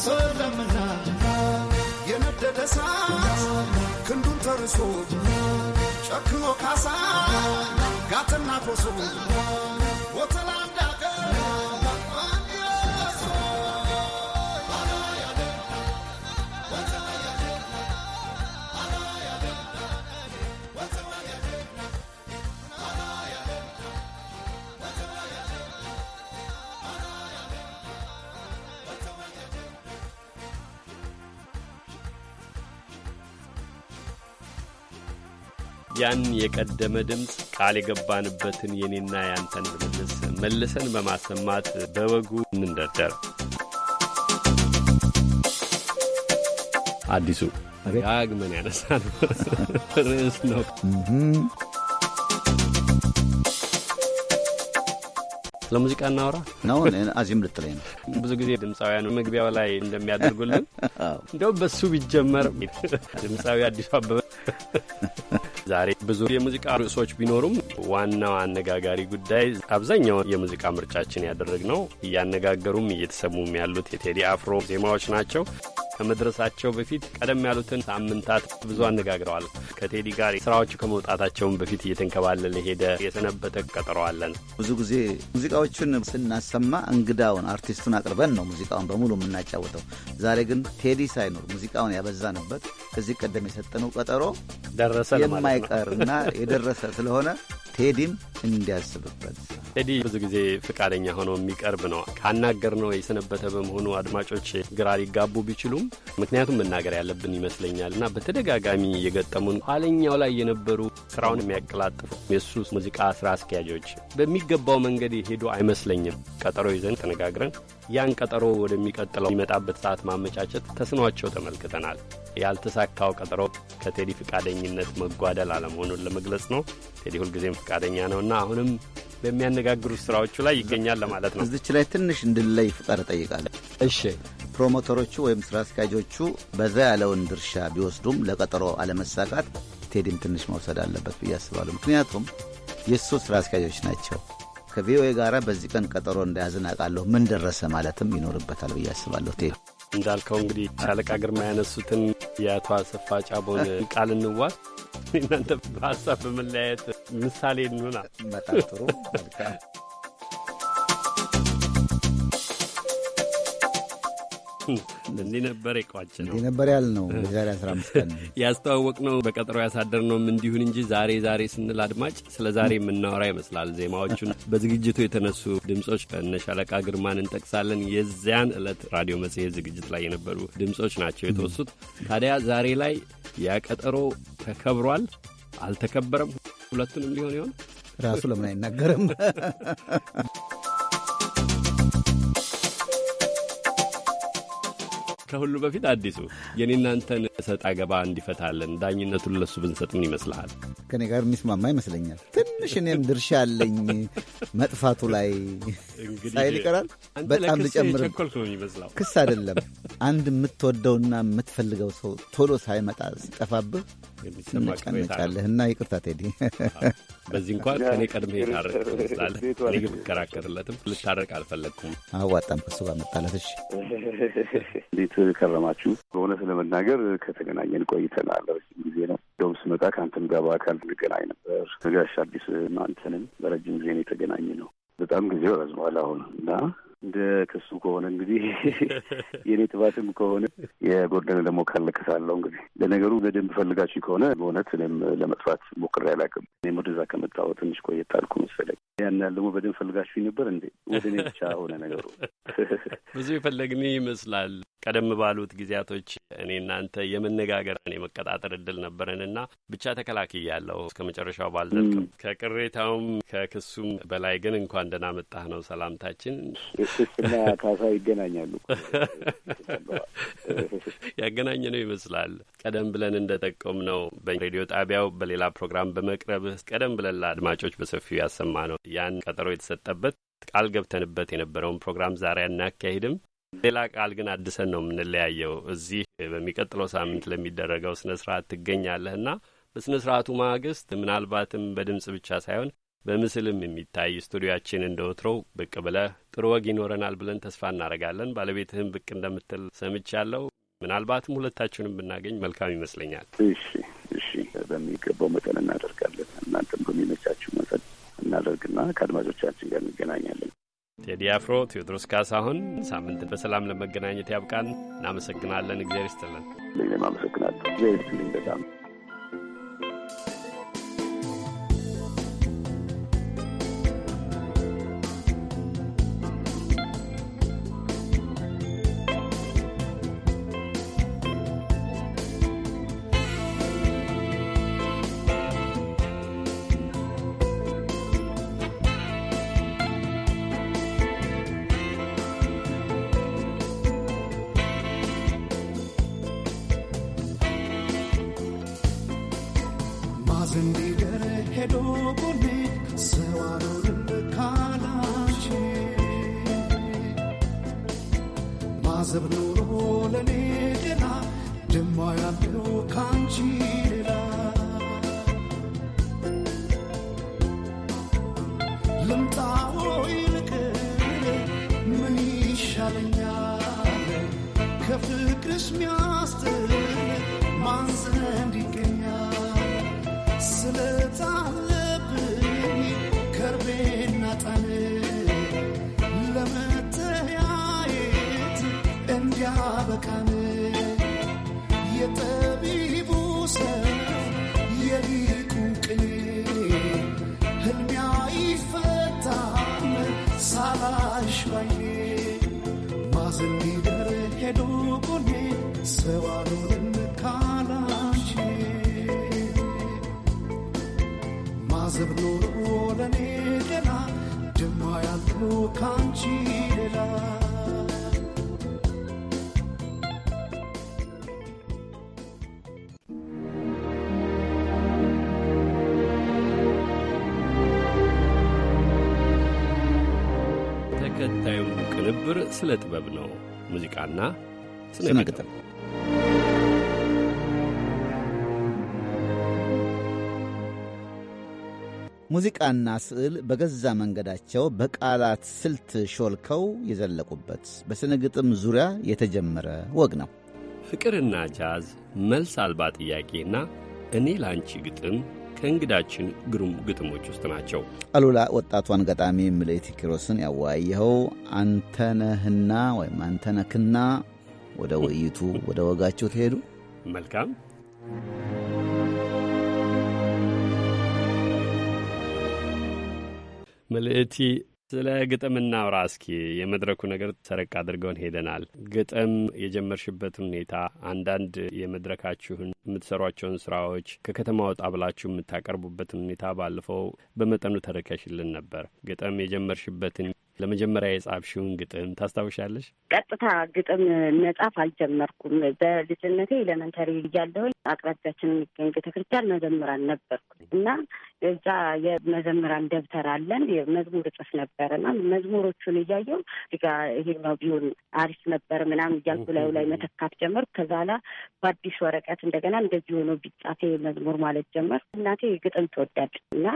ሰለምና የነደደ እሳት ክንዱን ተርሶ ጨክኖ ካሳ ጋትና ኮሶ ቦተላ ያን የቀደመ ድምፅ ቃል የገባንበትን የኔና ያንተን ምልልስ መልሰን በማሰማት በወጉ እንንደርደር። አዲሱ ዳግመን ያነሳ ነው ርዕስ ነው። ስለ ሙዚቃ እናውራ ነው። አዚም ልትለኝ ነው። ብዙ ጊዜ ድምፃውያን መግቢያው ላይ እንደሚያደርጉልን እንደውም በሱ ቢጀመር ድምፃዊ አዲሱ አበበ ዛሬ ብዙ የሙዚቃ ርዕሶች ቢኖሩም ዋናው አነጋጋሪ ጉዳይ አብዛኛውን የሙዚቃ ምርጫችን ያደረግነው እያነጋገሩም እየተሰሙም ያሉት የቴዲ አፍሮ ዜማዎች ናቸው። ከመድረሳቸው በፊት ቀደም ያሉትን ሳምንታት ብዙ አነጋግረዋል። ከቴዲ ጋር ስራዎቹ ከመውጣታቸውን በፊት እየተንከባለለ ሄደ የሰነበተ ቀጠሮ አለን። ብዙ ጊዜ ሙዚቃዎቹን ስናሰማ እንግዳውን አርቲስቱን አቅርበን ነው ሙዚቃውን በሙሉ የምናጫወተው። ዛሬ ግን ቴዲ ሳይኖር ሙዚቃውን ያበዛንበት ከዚህ ቀደም የሰጠነው ቀጠሮ ደረሰ የማይቀር እና የደረሰ ስለሆነ ቴዲም እንዲያስብበት ቴዲ ብዙ ጊዜ ፈቃደኛ ሆኖ የሚቀርብ ነው። ካናገር ነው የሰነበተ በመሆኑ አድማጮች ግራ ሊጋቡ ቢችሉም ምክንያቱም መናገር ያለብን ይመስለኛል እና በተደጋጋሚ የገጠሙን ኋለኛው ላይ የነበሩ ስራውን የሚያቀላጥፉ የሱ ሙዚቃ ስራ አስኪያጆች በሚገባው መንገድ የሄዱ አይመስለኝም። ቀጠሮ ይዘን ተነጋግረን ያን ቀጠሮ ወደሚቀጥለው የሚመጣበት ሰዓት ማመቻቸት ተስኗቸው ተመልክተናል። ያልተሳካው ቀጠሮ ከቴዲ ፍቃደኝነት መጓደል አለመሆኑን ለመግለጽ ነው። ቴዲ ሁልጊዜም ፍቃደኛ ነውና አሁንም በሚያነጋግሩት ስራዎቹ ላይ ይገኛል ለማለት ነው። እዚች ላይ ትንሽ እንድለይ ፍቃድ እጠይቃለሁ። እሺ ፕሮሞተሮቹ ወይም ስራ አስኪያጆቹ በዛ ያለውን ድርሻ ቢወስዱም ለቀጠሮ አለመሳካት ቴዲም ትንሽ መውሰድ አለበት ብዬ አስባለሁ። ምክንያቱም የእሱ ስራ አስኪያጆች ናቸው። ከቪኦኤ ጋር በዚህ ቀን ቀጠሮ እንደያዝን አውቃለሁ። ምን ደረሰ ማለትም ይኖርበታል ብዬ አስባለሁ። ቴ እንዳልከው እንግዲህ ሻለቃ ግርማ ያነሱትን የአቶ አሰፋ ጫቦን ቃል እንዋስ እናንተ በሀሳብ በመለያየት ምሳሌ እንሆና። በጣም ጥሩ። እንዲህ ነበር የቋጭ ነው እንዲህ ነበር ያል ነው የዛሬ 15 ቀን ያስተዋወቅ ነው በቀጠሮ ያሳደር ነውም እንዲሁን እንጂ ዛሬ ዛሬ ስንል አድማጭ ስለ ዛሬ የምናወራ ይመስላል። ዜማዎቹን በዝግጅቱ የተነሱ ድምጾች እነ ሻለቃ ግርማን እንጠቅሳለን። የዚያን ዕለት ራዲዮ መጽሔት ዝግጅት ላይ የነበሩ ድምጾች ናቸው የተወሱት። ታዲያ ዛሬ ላይ ያ ቀጠሮ ተከብሯል አልተከበረም? ሁለቱንም ሊሆን ይሆን ራሱ ለምን አይናገርም? ከሁሉ በፊት አዲሱ የኔ እናንተን ሰጥ አገባ እንዲፈታለን ዳኝነቱን ለሱ ብንሰጥ ምን ይመስልሃል? ከኔ ጋር የሚስማማ ይመስለኛል። ትንሽ እኔም ድርሻ አለኝ መጥፋቱ ላይ ሳይል ይቀራል። በጣም ልጨምር ክስ አይደለም። አንድ የምትወደውና የምትፈልገው ሰው ቶሎ ሳይመጣ ሲጠፋብህ ትንቀነጫለህ እና ይቅርታ ቴዲ በዚህ እንኳን ከኔ ቀድሜ የታረቅ ይመስላል። እኔ ግን የምከራከርለትም ልታረቅ አልፈለግኩም። አዋጣም ከሱ ጋር መጣለትሽ። እንዴት ከረማችሁ? በእውነት ለመናገር ከተገናኘን ቆይተናል፣ ረጅም ጊዜ ነው። እንደውም ስመጣ ከአንተም ጋር በአካል ልገናኝ ነበር። ከጋሽ አዲስ አንተንም በረጅም ጊዜ ነው የተገናኘ ነው። በጣም ጊዜው ረዝሟል አሁን እና እንደ ክሱ ከሆነ እንግዲህ የኔ ጥባትም ከሆነ የጎደለ ደግሞ ካለ እንግዲህ ለነገሩ በደንብ ፈልጋችሁ ከሆነ በእውነት እኔም ለመጥፋት ሞክሬ አላውቅም። እኔም ወደዛ ከመጣሁ ትንሽ ቆየት አልኩ መሰለኝ። ያን ያህል ደግሞ በደንብ ፈልጋችሁ ነበር እንዴ? ወደ እኔ ብቻ ሆነ ነገሩ። ብዙ የፈለግን ይመስላል። ቀደም ባሉት ጊዜያቶች እኔ እናንተ የመነጋገርን የመቀጣጠር እድል ነበረንና ብቻ ተከላክያለሁ። እስከ መጨረሻው ባልዘልቅም ከቅሬታውም ከክሱም በላይ ግን እንኳን ደህና መጣህ ነው ሰላምታችን። ስስና ካሳ ይገናኛሉ። ያገናኘ ነው ይመስላል። ቀደም ብለን እንደ ጠቆም ነው በሬዲዮ ጣቢያው በሌላ ፕሮግራም በመቅረብህ ቀደም ብለን ለአድማጮች በሰፊው ያሰማ ነው ያን ቀጠሮ የተሰጠበት ቃል ገብተንበት የነበረውን ፕሮግራም ዛሬ አናካሂድም። ሌላ ቃል ግን አድሰን ነው የምንለያየው። እዚህ በሚቀጥለው ሳምንት ለሚደረገው ስነ ስርዓት ትገኛለህና በስነ ስርዓቱ ማግስት ምናልባትም በድምጽ ብቻ ሳይሆን በምስልም የሚታይ ስቱዲያችን እንደ ወትሮው ብቅ ብለህ ጥሩ ወግ ይኖረናል ብለን ተስፋ እናደርጋለን። ባለቤትህም ብቅ እንደምትል ሰምቻለሁ። ምናልባትም ሁለታችሁንም ብናገኝ መልካም ይመስለኛል። እሺ፣ እሺ፣ በሚገባው መጠን እናደርጋለን። እናንተም በሚመቻችሁ መጠን እናደርግና ከአድማጮቻችን ጋር እንገናኛለን። ቴዲ አፍሮ፣ ቴዎድሮስ ካሳሁን፣ ሳምንት በሰላም ለመገናኘት ያብቃን። እናመሰግናለን። እግዚአብሔር ይስጥልን። እኔም አመሰግናለሁ። እግዚአብሔር ይስጥልኝ በጣም ስለ ጥበብ ነው። ሙዚቃና ስነ ግጥም ሙዚቃና ስዕል በገዛ መንገዳቸው በቃላት ስልት ሾልከው የዘለቁበት በሥነ ግጥም ዙሪያ የተጀመረ ወግ ነው። ፍቅርና ጃዝ፣ መልስ አልባ ጥያቄና እኔ ላንቺ ግጥም ከእንግዳችን ግሩም ግጥሞች ውስጥ ናቸው። አሉላ ወጣቷን ገጣሚ ምልዕቲ ኪሮስን ያወያየኸው አንተነህና ወይም አንተነክና ወደ ውይይቱ ወደ ወጋቸው ትሄዱ። መልካም ምልእቲ ስለ ግጥም እናውራ እስኪ። የመድረኩ ነገር ሰረቅ አድርገውን ሄደናል። ግጥም የጀመርሽበትን ሁኔታ፣ አንዳንድ የመድረካችሁን የምትሰሯቸውን ስራዎች ከከተማ ወጣ ብላችሁ የምታቀርቡበትን ሁኔታ ባለፈው በመጠኑ ተረካሽልን ነበር። ግጥም የጀመርሽበትን ለመጀመሪያ የጻፍሽውን ግጥም ታስታውሻለሽ? ቀጥታ ግጥም መጻፍ አልጀመርኩም። በልጅነቴ ኤሌመንተሪ እያለሁኝ አቅራቢያችን የሚገኝ ቤተክርስቲያን መዘምራን ነበርኩ እና እዛ የመዘምራን ደብተር አለን። መዝሙር እጽፍ ነበር እና መዝሙሮቹን እያየው ጋ ይሄኛው ቢሆን አሪፍ ነበር ምናምን እያልኩ ላዩ ላይ መተካት ጀመርኩ። ከዛ በአዲስ ወረቀት እንደገና እንደዚህ ሆኖ ቢጻፌ መዝሙር ማለት ጀመርኩ። እናቴ ግጥም ትወዳለች እና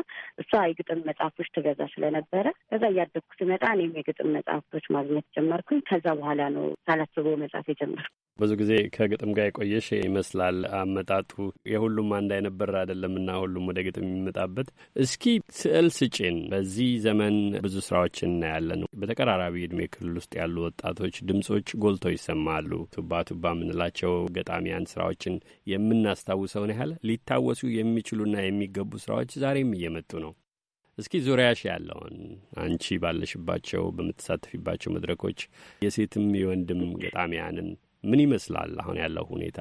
እሷ የግጥም መጽሐፎች ትገዛ ስለነበረ ከዛ እያደግኩ ስመጣ እኔም የግጥም መጽሐፍቶች ማግኘት ጀመርኩኝ። ከዛ በኋላ ነው ሳላስበው መጽሐፍ የጀመርኩ። ብዙ ጊዜ ከግጥም ጋር የቆየሽ ይመስላል አመጣጡ። የሁሉም አንድ አይነበር አይደለም እና ሁሉም ወደ ግጥም የሚመጣበት። እስኪ ስዕል ስጪን። በዚህ ዘመን ብዙ ስራዎች እናያለን። በተቀራራቢ እድሜ ክልል ውስጥ ያሉ ወጣቶች ድምጾች ጎልተው ይሰማሉ። ቱባ ቱባ የምንላቸው ገጣሚያን ስራዎችን የምናስታውሰውን ያህል ሊታወሱ የሚችሉና የሚገቡ ስራዎች ዛሬም እየመጡ ነው። እስኪ ዙሪያሽ ያለውን አንቺ ባለሽባቸው በምትሳተፊባቸው መድረኮች የሴትም የወንድም ገጣሚያንን ምን ይመስላል አሁን ያለው ሁኔታ?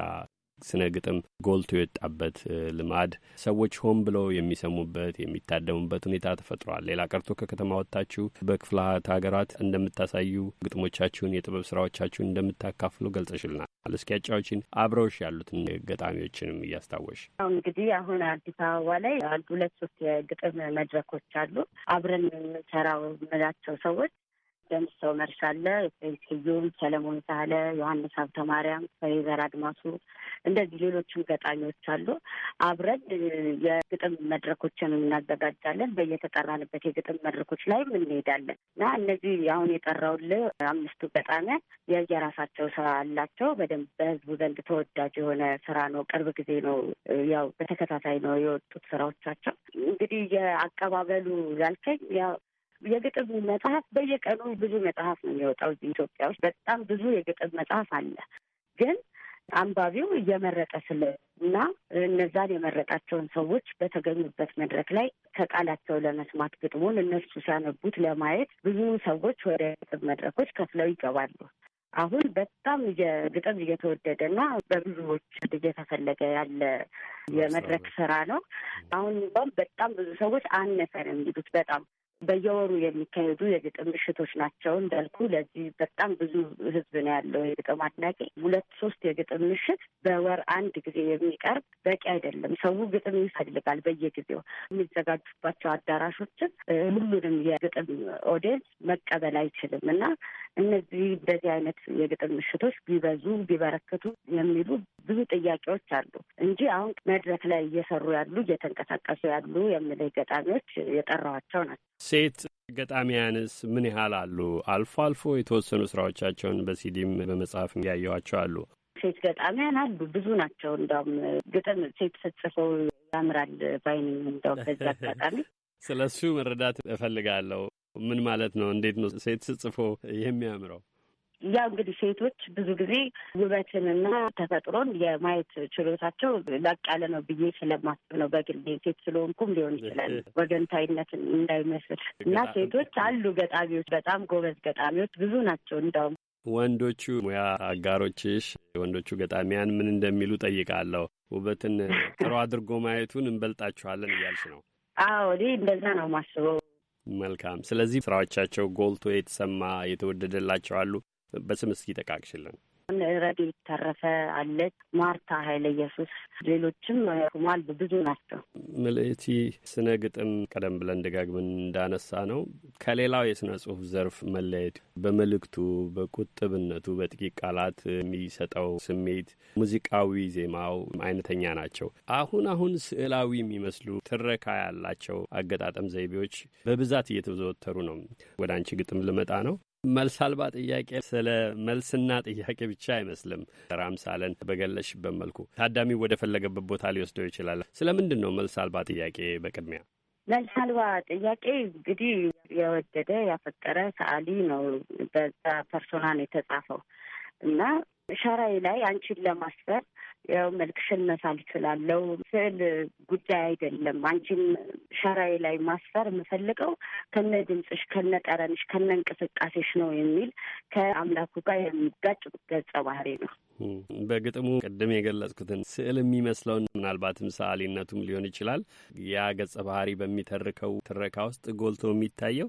ስነ ግጥም ጎልቶ የወጣበት ልማድ ሰዎች ሆን ብለው የሚሰሙበት የሚታደሙበት ሁኔታ ተፈጥሯል። ሌላ ቀርቶ ከከተማ ወጥታችሁ በክፍላት ሀገራት እንደምታሳዩ ግጥሞቻችሁን፣ የጥበብ ስራዎቻችሁን እንደምታካፍሉ ገልጸሽልናል። አለስኪያጫዎችን አብረውሽ ያሉትን ገጣሚዎችንም እያስታወሽ አሁን እንግዲህ አሁን አዲስ አበባ ላይ አንድ ሁለት ሶስት የግጥም መድረኮች አሉ። አብረን የምንሰራው ምላቸው ሰዎች ደምስ ሰው አለ፣ ስዩም፣ ሰለሞን ሳህለ፣ ዮሐንስ ሀብተ ማርያም፣ ፈይዘር አድማሱ እንደዚህ ሌሎችም ገጣሚዎች አሉ። አብረን የግጥም መድረኮችን እናዘጋጃለን። በየተጠራንበት የግጥም መድረኮች ላይም እንሄዳለን እና እነዚህ አሁን የጠራውል አምስቱ ገጣሚያ የየራሳቸው ስራ አላቸው። በደንብ በህዝቡ ዘንድ ተወዳጅ የሆነ ስራ ነው። ቅርብ ጊዜ ነው ያው በተከታታይ ነው የወጡት ስራዎቻቸው። እንግዲህ የአቀባበሉ ያልከኝ ያው የግጥም መጽሐፍ በየቀኑ ብዙ መጽሐፍ ነው የሚወጣው እዚህ ኢትዮጵያ ውስጥ በጣም ብዙ የግጥም መጽሐፍ አለ። ግን አንባቢው እየመረጠ ስለ እና እነዛን የመረጣቸውን ሰዎች በተገኙበት መድረክ ላይ ከቃላቸው ለመስማት ግጥሙን እነሱ ሲያነቡት ለማየት ብዙ ሰዎች ወደ ግጥም መድረኮች ከፍለው ይገባሉ። አሁን በጣም ግጥም እየተወደደ እና በብዙዎች እየተፈለገ ያለ የመድረክ ስራ ነው። አሁን እንኳን በጣም ብዙ ሰዎች አነሰን የሚሉት በጣም በየወሩ የሚካሄዱ የግጥም ምሽቶች ናቸው። እንዳልኩ ለዚህ በጣም ብዙ ህዝብ ነው ያለው የግጥም አድናቂ። ሁለት ሶስት የግጥም ምሽት በወር አንድ ጊዜ የሚቀርብ በቂ አይደለም። ሰው ግጥም ይፈልጋል። በየጊዜው የሚዘጋጁባቸው አዳራሾችን ሁሉንም የግጥም ኦዲየንስ መቀበል አይችልም እና እነዚህ እንደዚህ አይነት የግጥም ምሽቶች ቢበዙ ቢበረክቱ የሚሉ ብዙ ጥያቄዎች አሉ እንጂ አሁን መድረክ ላይ እየሰሩ ያሉ እየተንቀሳቀሱ ያሉ የምለይ ገጣሚዎች የጠራዋቸው ናቸው። ሴት ገጣሚያንስ ምን ያህል አሉ? አልፎ አልፎ የተወሰኑ ስራዎቻቸውን በሲዲም በመጽሐፍ ያየዋቸው አሉ። ሴት ገጣሚያን አሉ፣ ብዙ ናቸው። እንዳውም ግጥም ሴት ስትጽፈው ያምራል ባይን እንዳውም በዛ አጋጣሚ ስለ እሱ መረዳት እፈልጋለሁ። ምን ማለት ነው? እንዴት ነው ሴት ስትጽፎ የሚያምረው? ያው እንግዲህ ሴቶች ብዙ ጊዜ ውበትንና ተፈጥሮን የማየት ችሎታቸው ላቅ ያለ ነው ብዬ ስለማስብ ነው። በግል ሴት ስለሆንኩም ሊሆን ይችላል ወገንታይነት እንዳይመስል እና ሴቶች አሉ ገጣሚዎች፣ በጣም ጎበዝ ገጣሚዎች ብዙ ናቸው። እንዳውም ወንዶቹ ሙያ አጋሮችሽ ወንዶቹ ገጣሚያን ምን እንደሚሉ ጠይቃለሁ። ውበትን ጥሩ አድርጎ ማየቱን እንበልጣችኋለን እያልሽ ነው? አዎ እኔ እንደዛ ነው ማስበው። መልካም። ስለዚህ ስራዎቻቸው ጎልቶ የተሰማ የተወደደላቸው አሉ። በስም እስኪ ጠቃቅሽልን። ረድኤት ተረፈ አለች፣ ማርታ ኃይለ ኢየሱስ፣ ሌሎችም ሁማል ብዙ ናቸው። ምልእቲ ስነ ግጥም ቀደም ብለን ደጋግመን እንዳነሳ ነው ከሌላው የስነ ጽሁፍ ዘርፍ መለየቱ በመልእክቱ፣ በቁጥብነቱ፣ በጥቂት ቃላት የሚሰጠው ስሜት፣ ሙዚቃዊ ዜማው አይነተኛ ናቸው። አሁን አሁን ስዕላዊ የሚመስሉ ትረካ ያላቸው አገጣጠም ዘይቤዎች በብዛት እየተዘወተሩ ነው። ወደ አንቺ ግጥም ልመጣ ነው። መልስ አልባ ጥያቄ ስለ መልስና ጥያቄ ብቻ አይመስልም። ራምሳለን በገለሽበት መልኩ ታዳሚ ወደ ፈለገበት ቦታ ሊወስደው ይችላል። ስለምንድን ነው መልስ አልባ ጥያቄ? በቅድሚያ መልስ አልባ ጥያቄ እንግዲህ የወደደ ያፈቀረ ሰዓሊ ነው በዛ ፐርሶና ነው የተጻፈው እና ሸራይ ላይ አንቺን ለማስፈር ያው መልክሽን መሳል እችላለሁ። ስዕል ጉዳይ አይደለም። አንቺም ሸራዬ ላይ ማስፈር የምፈልገው ከነ ድምፅሽ፣ ከነ ጠረንሽ፣ ከነ እንቅስቃሴሽ ነው የሚል ከአምላኩ ጋር የሚጋጭ ገጸ ባህሪ ነው። በግጥሙ ቅድም የገለጽኩትን ስዕል የሚመስለውን ምናልባትም ሰዓሊነቱም ሊሆን ይችላል ያ ገጸ ባህሪ በሚተርከው ትረካ ውስጥ ጎልቶ የሚታየው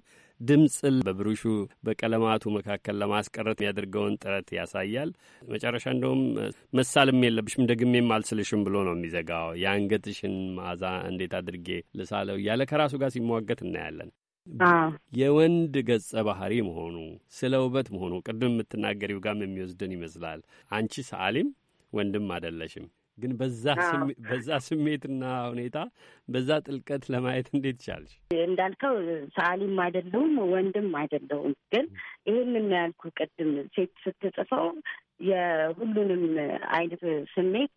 ድምፅል በብሩሹ በቀለማቱ መካከል ለማስቀረት የሚያደርገውን ጥረት ያሳያል። መጨረሻ እንደውም መሳልም የለብሽም ደግሜም አልስልሽም ብሎ ነው የሚዘጋው። የአንገትሽን ማዛ እንዴት አድርጌ ልሳለው እያለ ከራሱ ጋር ሲሟገት እናያለን። የወንድ ገጸ ባህሪ መሆኑ ስለ ውበት መሆኑ ቅድም የምትናገሪው ጋም የሚወስድን ይመስላል። አንቺ ሰዓሊም ወንድም አደለሽም፣ ግን በዛ ስሜትና ሁኔታ በዛ ጥልቀት ለማየት እንዴት ቻልሽ? እንዳልከው ሰዓሊም አይደለሁም፣ ወንድም አይደለሁም። ግን ይህንን ያልኩ ቅድም ሴት ስትጽፈው የሁሉንም አይነት ስሜት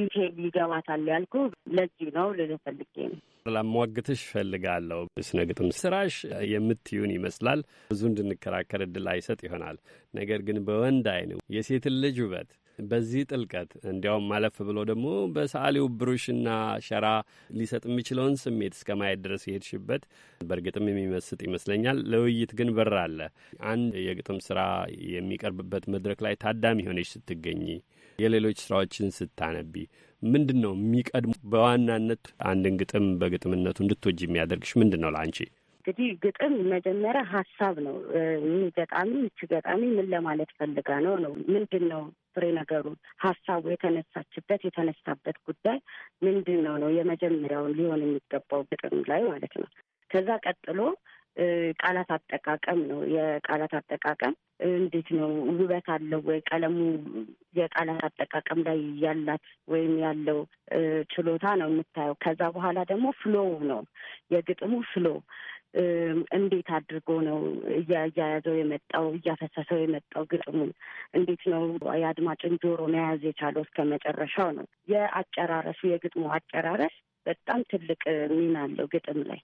ዲቴል ይገባታል ያልኩ ለዚህ ነው ልልህ ነው። ላሟግትሽ ፈልጋለሁ። ስነ ግጥም ስራሽ የምትዩን ይመስላል። ብዙ እንድንከራከር እድል አይሰጥ ይሆናል። ነገር ግን በወንድ አይን የሴትን ልጅ ውበት በዚህ ጥልቀት እንዲያውም ማለፍ ብሎ ደግሞ በሰዓሊው ብሩሽና ሸራ ሊሰጥ የሚችለውን ስሜት እስከ ማየት ድረስ የሄድሽበት በእርግጥም የሚመስጥ ይመስለኛል። ለውይይት ግን በር አለ። አንድ የግጥም ስራ የሚቀርብበት መድረክ ላይ ታዳሚ ሆነች ስትገኝ የሌሎች ስራዎችን ስታነቢ ምንድን ነው የሚቀድሙ? በዋናነት አንድን ግጥም በግጥምነቱ እንድትወጅ የሚያደርግሽ ምንድን ነው ለአንቺ? እንግዲህ ግጥም መጀመሪያ ሀሳብ ነው። ይህ ገጣሚ ይቺ ገጣሚ ምን ለማለት ፈልጋ ነው ነው ምንድን ነው ፍሬ ነገሩ ሀሳቡ የተነሳችበት የተነሳበት ጉዳይ ምንድን ነው ነው የመጀመሪያውን ሊሆን የሚገባው ግጥም ላይ ማለት ነው። ከዛ ቀጥሎ ቃላት አጠቃቀም ነው። የቃላት አጠቃቀም እንዴት ነው? ውበት አለው ወይ? ቀለሙ የቃላት አጠቃቀም ላይ ያላት ወይም ያለው ችሎታ ነው የምታየው። ከዛ በኋላ ደግሞ ፍሎው ነው የግጥሙ ፍሎ እንዴት አድርጎ ነው እያያዘው የመጣው እያፈሰሰው የመጣው ግጥሙን እንዴት ነው የአድማጭን ጆሮ መያዝ የቻለው እስከ መጨረሻው ነው። የአጨራረሱ የግጥሙ አጨራረስ በጣም ትልቅ ሚና አለው ግጥም ላይ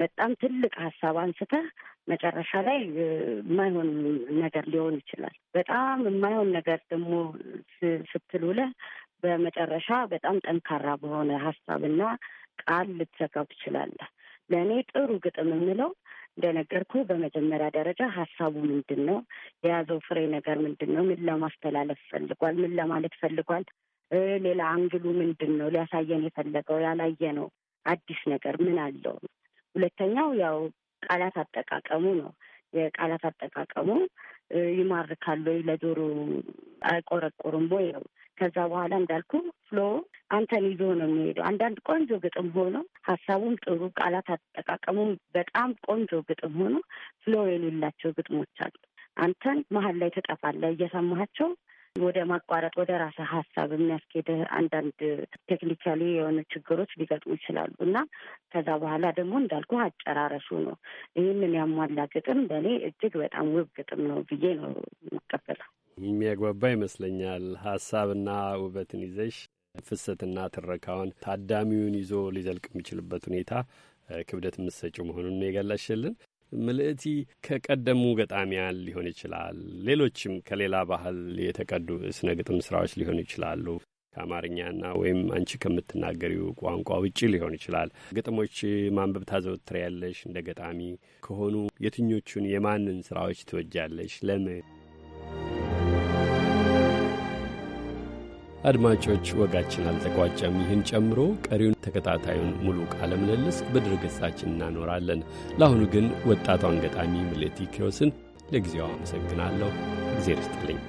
በጣም ትልቅ ሀሳብ አንስተህ መጨረሻ ላይ የማይሆን ነገር ሊሆን ይችላል። በጣም የማይሆን ነገር ደግሞ ስትል ውለህ በመጨረሻ በጣም ጠንካራ በሆነ ሀሳብና ቃል ልትዘጋው ትችላለህ። ለእኔ ጥሩ ግጥም የምለው እንደነገርኩ በመጀመሪያ ደረጃ ሀሳቡ ምንድን ነው፣ የያዘው ፍሬ ነገር ምንድን ነው፣ ምን ለማስተላለፍ ፈልጓል፣ ምን ለማለት ፈልጓል፣ ሌላ አንግሉ ምንድን ነው ሊያሳየን የፈለገው፣ ያላየ ነው አዲስ ነገር ምን አለው ሁለተኛው ያው ቃላት አጠቃቀሙ ነው። የቃላት አጠቃቀሙ ይማርካሉ ወይ ለጆሮ አይቆረቆሩም ወይ ነው። ከዛ በኋላ እንዳልኩ ፍሎ አንተን ይዞ ነው የሚሄደው። አንዳንድ ቆንጆ ግጥም ሆኖ ሀሳቡም ጥሩ ቃላት አጠቃቀሙም በጣም ቆንጆ ግጥም ሆኖ ፍሎ የሌላቸው ግጥሞች አሉ። አንተን መሀል ላይ ትጠፋለህ እየሰማቸው ወደ ማቋረጥ ወደ ራስ ሀሳብ የሚያስኬድ አንዳንድ ቴክኒካሊ የሆነ ችግሮች ሊገጥሙ ይችላሉ እና ከዛ በኋላ ደግሞ እንዳልኩ አጨራረሱ ነው። ይህንን ያሟላ ግጥም በእኔ እጅግ በጣም ውብ ግጥም ነው ብዬ ነው የምቀበለው። የሚያግባባ ይመስለኛል። ሀሳብና ውበትን ይዘሽ ፍሰትና ትረካውን ታዳሚውን ይዞ ሊዘልቅ የሚችልበት ሁኔታ ክብደት የምትሰጪው መሆኑን የገለሽልን ምልእቲ ከቀደሙ ገጣሚያን ሊሆን ይችላል፣ ሌሎችም ከሌላ ባህል የተቀዱ ስነ ግጥም ስራዎች ሊሆኑ ይችላሉ። ከአማርኛና ወይም አንቺ ከምትናገሪው ቋንቋ ውጪ ሊሆን ይችላል። ግጥሞች ማንበብ ታዘወትሪያለሽ? እንደ ገጣሚ ከሆኑ የትኞቹን የማንን ስራዎች ትወጃለሽ? ለምን? አድማጮች ወጋችን አልተቋጨም። ይህን ጨምሮ ቀሪውን ተከታታዩን ሙሉ ቃለ ምልልስ በድረ ገጻችን እናኖራለን። ለአሁኑ ግን ወጣቷን ገጣሚ ምልዕቲ ኪሮስን ለጊዜው አመሰግናለሁ። እግዜር ይስጥልኝ።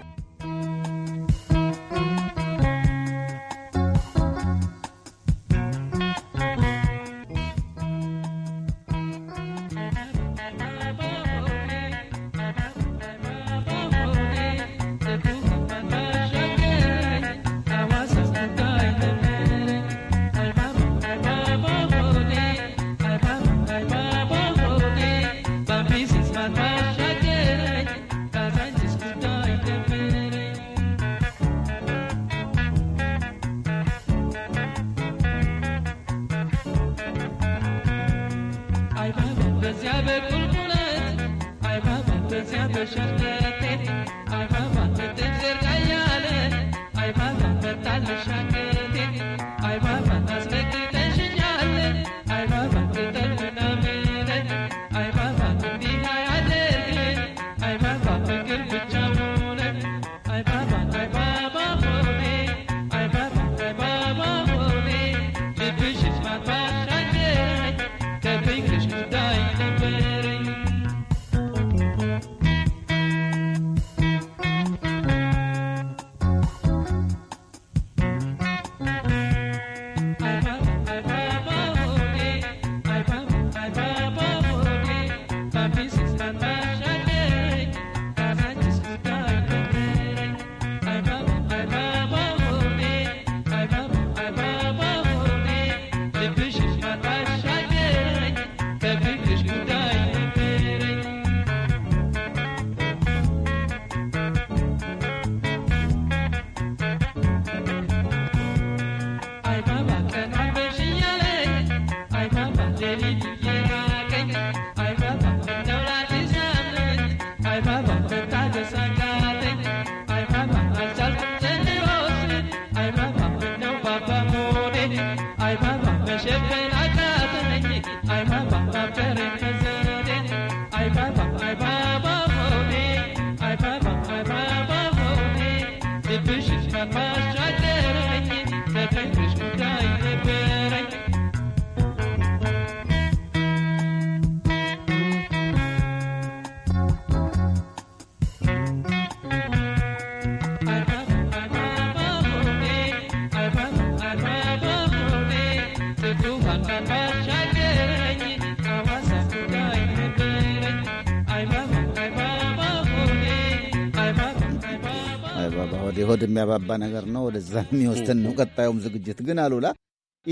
የሚያስተጋባባ ነገር ነው። ወደዛ የሚወስደን ነው። ቀጣዩም ዝግጅት ግን አሉላ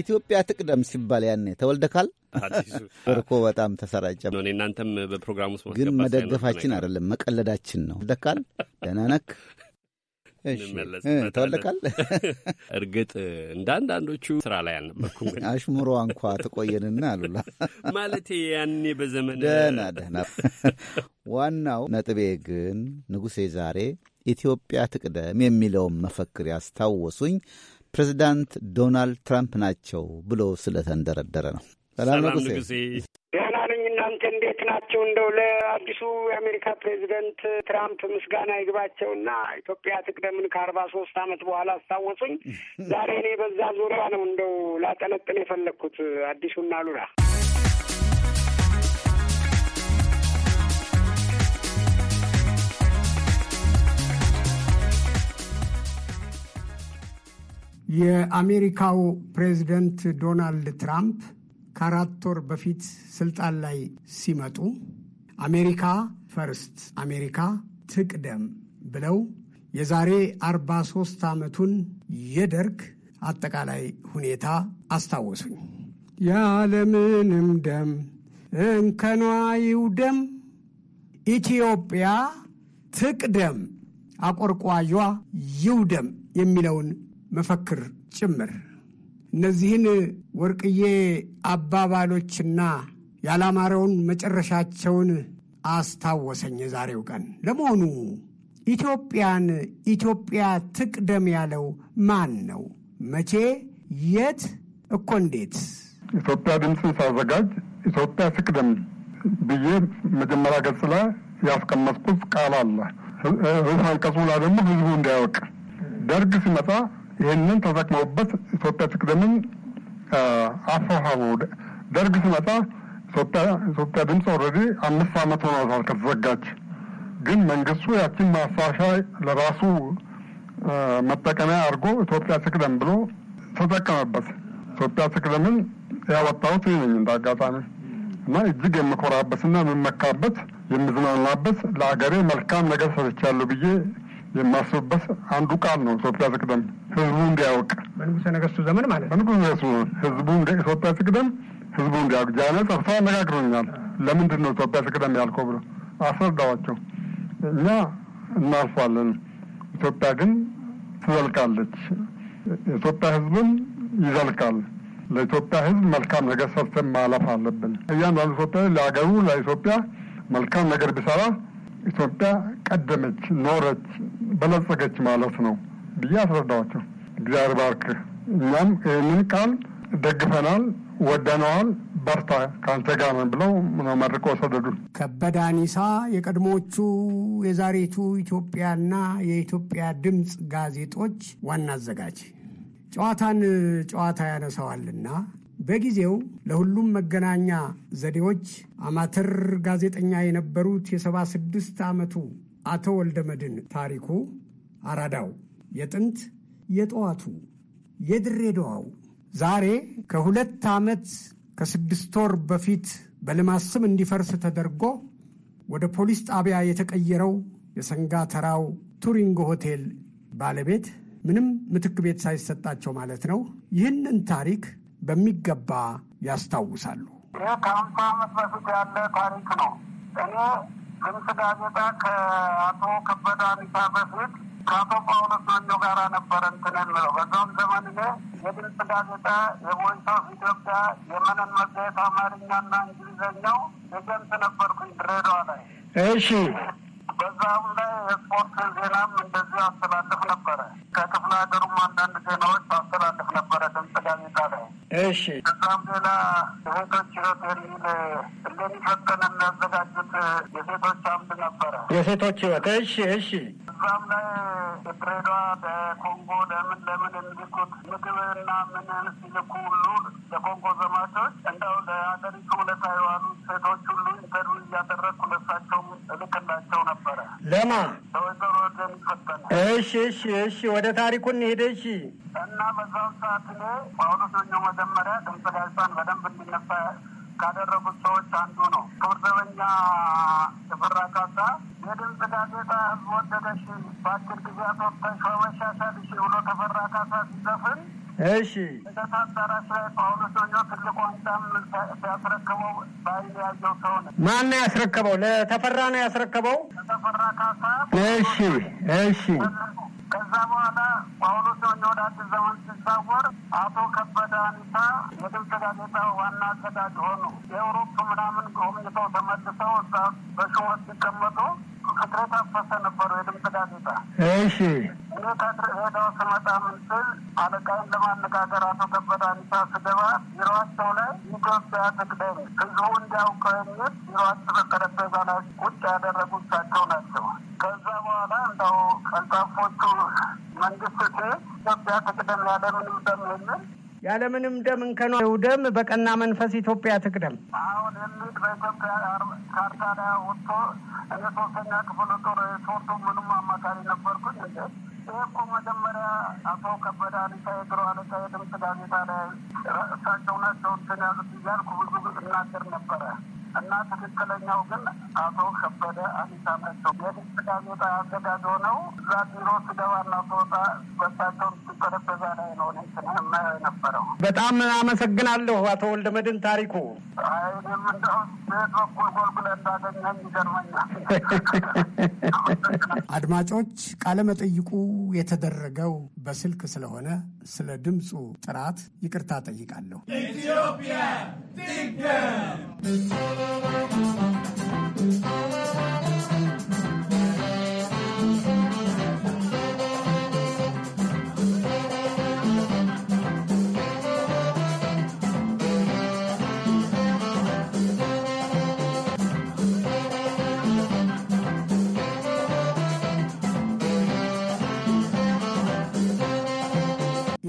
ኢትዮጵያ ትቅደም ሲባል ያኔ ተወልደካል እርኮ በጣም ተሰራጨ። እናንተም በፕሮግራም ውስጥ ግን መደገፋችን አይደለም መቀለዳችን ነው። ደካል ደህና ነክ ተወልደካል። እርግጥ እንደ አንዳንዶቹ ስራ ላይ አልነበርኩም። አሽሙሮ እንኳ ተቆየንና አሉላ ማለት ያኔ በዘመን ደህና ደህና። ዋናው ነጥቤ ግን ንጉሴ ዛሬ ኢትዮጵያ ትቅደም የሚለውን መፈክር ያስታወሱኝ ፕሬዚዳንት ዶናልድ ትራምፕ ናቸው ብሎ ስለተንደረደረ ነው። ሰላም ንጉሴ ደህና ነኝ። እናንተ እንዴት ናቸው? እንደው ለአዲሱ የአሜሪካ ፕሬዚደንት ትራምፕ ምስጋና ይግባቸውና ኢትዮጵያ ትቅደምን ከአርባ ሶስት ዓመት በኋላ አስታወሱኝ። ዛሬ እኔ በዛ ዙሪያ ነው እንደው ላጠነጥን የፈለግኩት አዲሱና ሉላ የአሜሪካው ፕሬዝደንት ዶናልድ ትራምፕ ከአራት ወር በፊት ስልጣን ላይ ሲመጡ አሜሪካ ፈርስት አሜሪካ ትቅደም ብለው የዛሬ 43 ዓመቱን የደርግ አጠቃላይ ሁኔታ አስታወሱኝ። ያለምንም ደም እንከኗ ይውደም ኢትዮጵያ ትቅደም አቆርቋዧ ይውደም የሚለውን መፈክር ጭምር። እነዚህን ወርቅዬ አባባሎችና ያላማረውን መጨረሻቸውን አስታወሰኝ የዛሬው ቀን። ለመሆኑ ኢትዮጵያን ኢትዮጵያ ትቅደም ያለው ማን ነው? መቼ፣ የት እኮ እንዴት? ኢትዮጵያ ድምፅ ሳዘጋጅ ኢትዮጵያ ትቅደም ብዬ መጀመሪያ ገጽ ላይ ያስቀመጥኩት ቃል አለ። ርዕሰ አንቀጹ ላይ ደግሞ ህዝቡ እንዳያውቅ ደርግ ሲመጣ ይህንን ተጠቅመውበት ኢትዮጵያ ትቅደምን አስፋፋቡ። ደርግ ሲመጣ ኢትዮጵያ ድምፅ ኦልሬዲ አምስት ዓመት ሆኗታል ከተዘጋች። ግን መንግስቱ ያችን ማሳሻ ለራሱ መጠቀሚያ አድርጎ ኢትዮጵያ ትቅደም ብሎ ተጠቀመበት። ኢትዮጵያ ትቅደምን ያወጣሁት ይህ ነኝ እንዳጋጣሚ እና እጅግ የምኮራበትና የምመካበት የምዝናናበት ለአገሬ መልካም ነገር ሰርቻለሁ ብዬ የማስብበት አንዱ ቃል ነው። ኢትዮጵያ ትቅደም ህዝቡ እንዲያውቅ በንጉሠ ነገስቱ ዘመን ማለት ነው። በንጉሠ ነገሥቱ ህዝቡ ኢትዮጵያ ትቅደም ህዝቡ እንዲያውቅ ጃነ ጸርታ አነጋግሮኛል። ለምንድን ነው ኢትዮጵያ ትቅደም ያልከው ብሎ አስረዳዋቸው። እኛ እናልፋለን፣ ኢትዮጵያ ግን ትዘልቃለች። የኢትዮጵያ ህዝብም ይዘልቃል። ለኢትዮጵያ ህዝብ መልካም ነገር ሰርተን ማለፍ አለብን። እያንዳንዱ ኢትዮጵያ ለሀገሩ ለኢትዮጵያ መልካም ነገር ቢሰራ ኢትዮጵያ ቀደመች፣ ኖረች፣ በለጸገች ማለት ነው ብዬ አስረዳዋቸው። እግዚአብሔር ባርክ። እኛም ይህንን ቃል ደግፈናል፣ ወደነዋል። በርታ ከአንተ ጋር ነን ብለው መርቆ ሰደዱ። ከበደ አኒሳ የቀድሞቹ የዛሬቱ ኢትዮጵያና የኢትዮጵያ ድምፅ ጋዜጦች ዋና አዘጋጅ ጨዋታን ጨዋታ ያነሳዋልና በጊዜው ለሁሉም መገናኛ ዘዴዎች አማተር ጋዜጠኛ የነበሩት የሰባ ስድስት ዓመቱ አቶ መድን ታሪኩ አራዳው፣ የጥንት የጠዋቱ የድሬዳዋው ዛሬ ከሁለት ዓመት ከስድስት ወር በፊት በልማት ስም እንዲፈርስ ተደርጎ ወደ ፖሊስ ጣቢያ የተቀየረው የሰንጋ ተራው ቱሪንግ ሆቴል ባለቤት ምንም ምትክ ቤት ሳይሰጣቸው ማለት ነው፣ ይህንን ታሪክ በሚገባ ያስታውሳሉ። ይህ ከአምሳ ዓመት በፊት ያለ ታሪክ ነው። እኔ ድምፅ ጋዜጣ ከአቶ ከበደ አኒሳ በፊት ከአቶ ጳውሎስ ማኞ ጋራ ነበረ እንትን የምለው በዛውም ዘመን ነ የድምፅ ጋዜጣ የቮይስ ኦፍ ኢትዮጵያ የመነን መጋየት አማርኛና እንግሊዝኛው ኤጀንት ነበርኩኝ ድሬዳዋ ላይ። እሺ ገዛም ላይ የስፖርት ዜናም እንደዚህ አስተላልፍ ነበረ። ከክፍለ ሀገሩም አንዳንድ ዜናዎች አስተላልፍ ነበረ ድምጽ ጋዜጣ ላይ። እሺ ከዛም ሌላ የሴቶች ህይወት የሚል እንደሚፈጠን የሚያዘጋጁት የሴቶች አምድ ነበረ። የሴቶች ህይወት እሺ፣ እሺ። እዛም ላይ ድሬዳዋ ለኮንጎ ለምን ለምን የሚልኩት ምግብና ምንን ሲልኩ ሁሉ ለኮንጎ ዘማቾች እንደው ለሀገሪቱ ለታይዋኑ ሴቶች ሁሉ ኢንተርቪው እያደረግኩ ለሳቸው ለማ እሺ፣ እሺ፣ እሺ። ወደ ታሪኩ እንሄደ። እሺ። እና በዛው ሰዓት እኔ ጳውሎስ ነኞ መጀመሪያ ድምፅ ጋዜጣን በደንብ እንዲነሳ ካደረጉት ሰዎች አንዱ ነው። ክቡር ዘበኛ ተፈራ ካሳ የድምፅ ጋዜጣ ህዝብ ወደደሽ፣ በአጭር ጊዜ አቶተሽ በመሻሻልሽ ብሎ ተፈራ ካሳ ሲዘፍን እሺ አዳራሽ ላይ ሲያስረክበው ያየው ማን ነው ያስረከበው? ለተፈራ ነው ያስረከበው። ለተፈራ እሺ እሺ። ከዛ በኋላ ጳውሎስ ኞኞ ወደ አዲስ ዘመን ሲዛወር አቶ ከበደ አኒሳ የድምፅ ጋዜጣ ዋና አዘጋጅ ሆኑ። የአውሮፕ ምናምን ጎብኝተው ተመልሰው እዛ በሹመት ሲቀመጡ ከትሬ ታፈሰ ነበሩ የድምጽ ጋዜጣ። እሺ እኔ ከትሬ ሄደው ስመጣ ምንስል አለቃይን ለማነጋገር አቶ ከበደ አኒሳ ስገባ ቢሮቸው ላይ ኢትዮጵያ ትቅደም ህዝቡ እንዲያውቀ የሚል ቢሮቸው ከጠረጴዛ ላይ ቁጭ ያደረጉ እሳቸው ናቸው። ከዛ በኋላ እንደው ቀልጣፎቹ መንግስት ኢትዮጵያ ትቅደም ያለምንም ደም የሚል ያለምንም ደም እንከኗ ደም በቀና መንፈስ ኢትዮጵያ ትቅደም። አሁን የሚል በኢትዮጵያ ካርታ ላይ ወጥቶ የሶስተኛ ክፍል ጦር ሶርቱ ምንም አማካሪ ነበርኩኝ። ይህ እኮ መጀመሪያ አቶ ከበደ አኒሳ የድሮ አለቃ የድምፅ ጋዜጣ ላይ እሳቸው ናቸው እንትን ያሉት እያልኩ ብዙ እናገር ነበረ። እና ትክክለኛው ግን አቶ ከበደ አኒሳ ናቸው። የድምፅ ጋዜጣ አዘጋጅ ነው። እዛ ቢሮ ስገባና ስወጣ በሳቸውን ጠረጴዛ ላይ ነው የማየው የነበረው። በጣም አመሰግናለሁ አቶ ወልደ መድን ታሪኩ። አይ እንደው በኩል ጎልጉለ እንዳገኘኝ ይገርመኛል። አድማጮች፣ ቃለ መጠይቁ የተደረገው በስልክ ስለሆነ ስለ ድምፁ ጥራት ይቅርታ ጠይቃለሁ። ኢትዮጵያ Think Cam!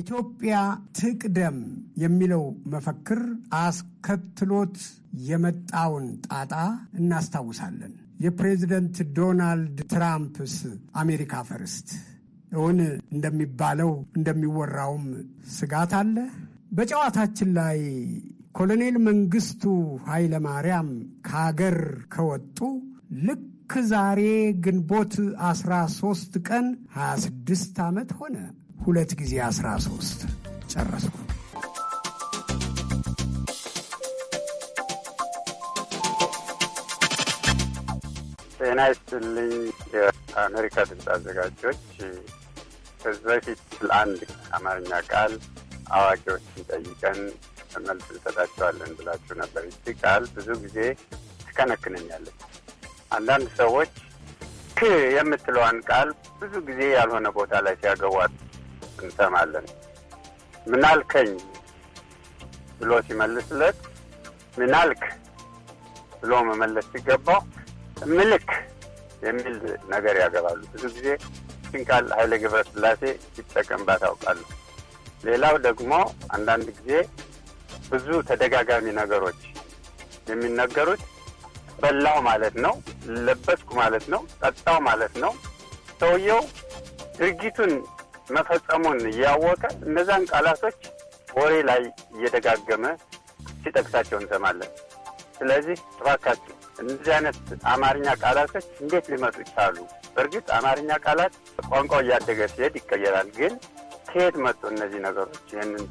ኢትዮጵያ ትቅደም የሚለው መፈክር አስከትሎት የመጣውን ጣጣ እናስታውሳለን። የፕሬዚደንት ዶናልድ ትራምፕስ አሜሪካ ፈርስት እውን እንደሚባለው እንደሚወራውም ስጋት አለ። በጨዋታችን ላይ ኮሎኔል መንግስቱ ኃይለ ማርያም ከሀገር ከወጡ ልክ ዛሬ ግንቦት 13 ቀን 26 ዓመት ሆነ። ሁለት ጊዜ 13 ጨረስኩ። ጤና ይስጥልኝ። የአሜሪካ ድምፅ አዘጋጆች ከዚህ በፊት ለአንድ አማርኛ ቃል አዋቂዎችን ጠይቀን መልስ እንሰጣቸዋለን ብላችሁ ነበር። ይቺ ቃል ብዙ ጊዜ ትከነክነኛለች። አንዳንድ ሰዎች ክ የምትለዋን ቃል ብዙ ጊዜ ያልሆነ ቦታ ላይ ሲያገቧት እንሰማለን። ምናልከኝ ብሎ ሲመልስለት ምናልክ ብሎ መመለስ ሲገባው ምልክ የሚል ነገር ያገባሉ። ብዙ ጊዜ ይህችን ቃል ኃይለ ገብረ ሥላሴ ሲጠቀምባት ያውቃሉ። ሌላው ደግሞ አንዳንድ ጊዜ ብዙ ተደጋጋሚ ነገሮች የሚነገሩት በላው ማለት ነው፣ ለበስኩ ማለት ነው፣ ጠጣው ማለት ነው። ሰውየው ድርጊቱን መፈጸሙን እያወቀ እነዛን ቃላቶች ወሬ ላይ እየደጋገመ ሲጠቅሳቸው እንሰማለን። ስለዚህ እባካችሁ እነዚህ አይነት አማርኛ ቃላቶች እንዴት ሊመጡ ይቻሉ? በእርግጥ አማርኛ ቃላት ቋንቋው እያደገ ሲሄድ ይቀየራል። ግን ከየት መጡ እነዚህ ነገሮች? ይህንን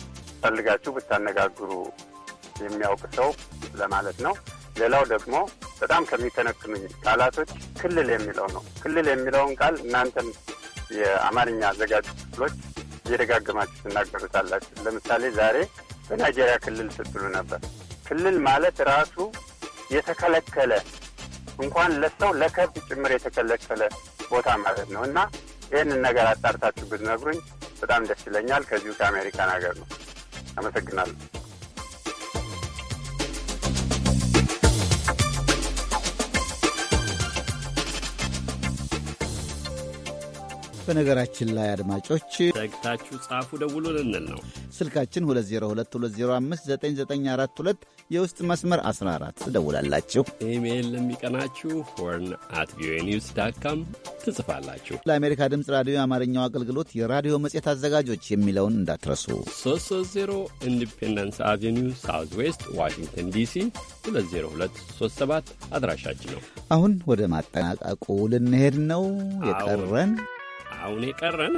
ፈልጋችሁ ብታነጋግሩ የሚያውቅ ሰው ለማለት ነው። ሌላው ደግሞ በጣም ከሚከነክኑኝ ቃላቶች ክልል የሚለው ነው። ክልል የሚለውን ቃል እናንተን የአማርኛ አዘጋጅ ክፍሎች እየደጋገማችሁ ትናገሩታላችሁ። ለምሳሌ ዛሬ በናይጄሪያ ክልል ስትሉ ነበር። ክልል ማለት ራሱ የተከለከለ እንኳን ለሰው ለከብት ጭምር የተከለከለ ቦታ ማለት ነው እና ይህንን ነገር አጣርታችሁ ብትነግሩኝ በጣም ደስ ይለኛል። ከዚሁ ከአሜሪካን ሀገር ነው። አመሰግናለሁ። በነገራችን ላይ አድማጮች ዘግታችሁ ጻፉ፣ ደውሉ ልንል ነው። ስልካችን 2022059942 የውስጥ መስመር 14 ትደውላላችሁ። ኢሜይል ለሚቀናችሁ ሆርን አት ቪኦኤ ኒውስ ዳት ካም ትጽፋላችሁ። ለአሜሪካ ድምፅ ራዲዮ የአማርኛው አገልግሎት የራዲዮ መጽሔት አዘጋጆች የሚለውን እንዳትረሱ። 330 ኢንዲፔንደንስ አቬኒው ሳውዝ ዌስት ዋሽንግተን ዲሲ 20237 አድራሻችን ነው። አሁን ወደ ማጠናቀቁ ልንሄድ ነው የቀረን አሁን የቀረን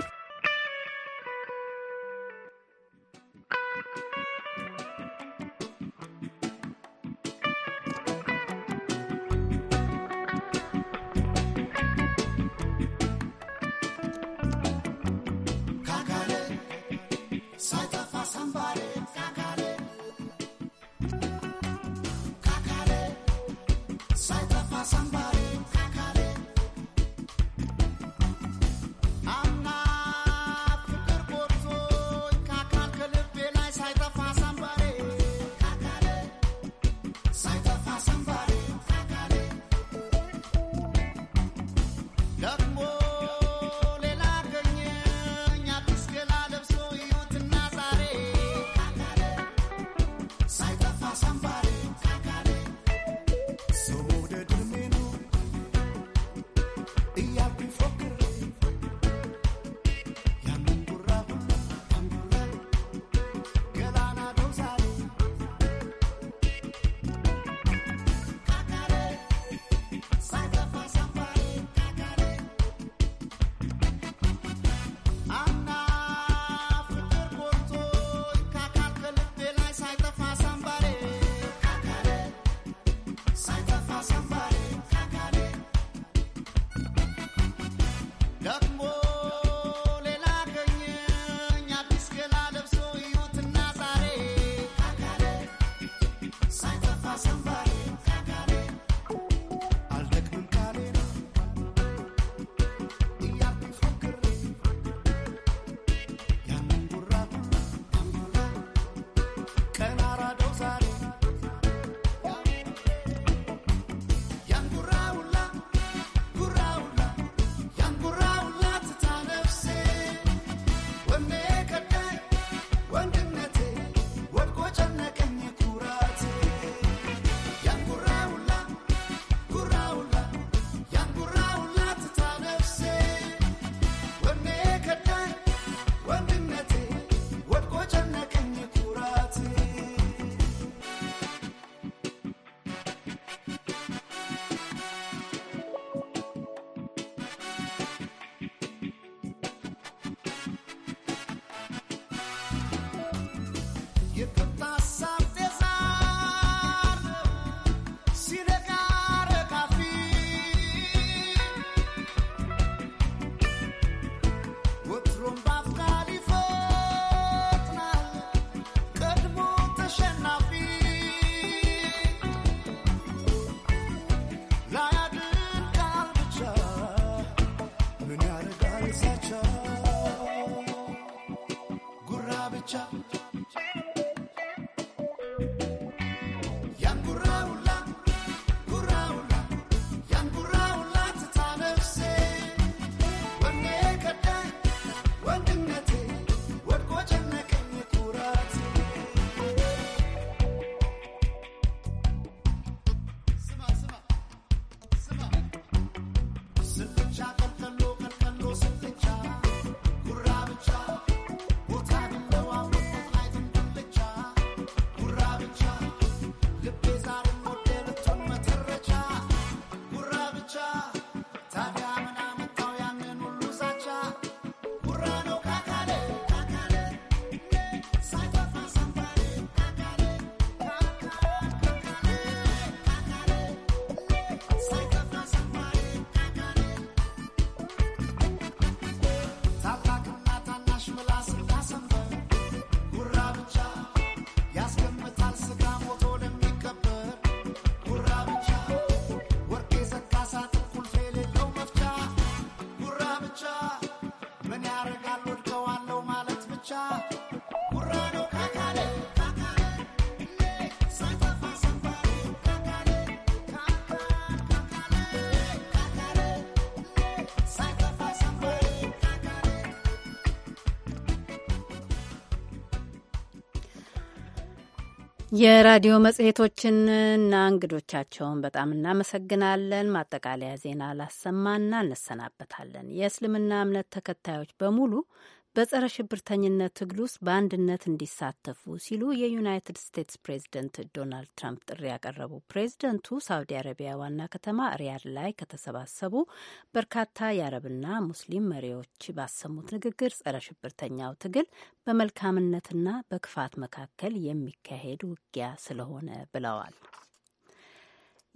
የራዲዮ መጽሔቶችንና እንግዶቻቸውን በጣም እናመሰግናለን። ማጠቃለያ ዜና ላሰማና እንሰናበታለን። የእስልምና እምነት ተከታዮች በሙሉ በጸረ ሽብርተኝነት ትግል ውስጥ በአንድነት እንዲሳተፉ ሲሉ የዩናይትድ ስቴትስ ፕሬዝደንት ዶናልድ ትራምፕ ጥሪ ያቀረቡ። ፕሬዝደንቱ ሳውዲ አረቢያ ዋና ከተማ ሪያድ ላይ ከተሰባሰቡ በርካታ የአረብና ሙስሊም መሪዎች ባሰሙት ንግግር ጸረ ሽብርተኛው ትግል በመልካምነትና በክፋት መካከል የሚካሄድ ውጊያ ስለሆነ ብለዋል።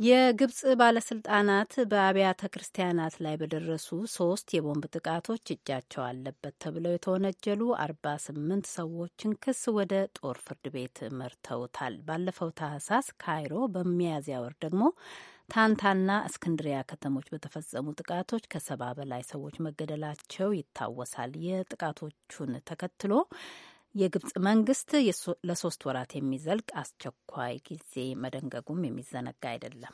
የግብፅ ባለስልጣናት በአብያተ ክርስቲያናት ላይ በደረሱ ሶስት የቦምብ ጥቃቶች እጃቸው አለበት ተብለው የተወነጀሉ አርባ ስምንት ሰዎችን ክስ ወደ ጦር ፍርድ ቤት መርተውታል። ባለፈው ታህሳስ ካይሮ፣ በሚያዝያ ወር ደግሞ ታንታና እስክንድሪያ ከተሞች በተፈጸሙ ጥቃቶች ከሰባ በላይ ሰዎች መገደላቸው ይታወሳል። የጥቃቶቹን ተከትሎ የግብጽ መንግስት ለሶስት ወራት የሚዘልቅ አስቸኳይ ጊዜ መደንገጉም የሚዘነጋ አይደለም።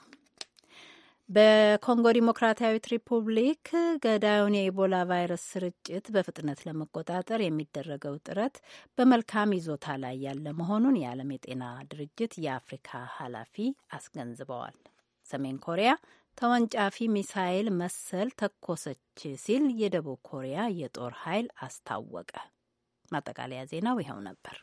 በኮንጎ ዲሞክራታዊት ሪፑብሊክ ገዳዩን የኢቦላ ቫይረስ ስርጭት በፍጥነት ለመቆጣጠር የሚደረገው ጥረት በመልካም ይዞታ ላይ ያለ መሆኑን የዓለም የጤና ድርጅት የአፍሪካ ኃላፊ አስገንዝበዋል። ሰሜን ኮሪያ ተወንጫፊ ሚሳይል መሰል ተኮሰች ሲል የደቡብ ኮሪያ የጦር ኃይል አስታወቀ። ማጠቃለያ ዜናው ይኸው ነበር።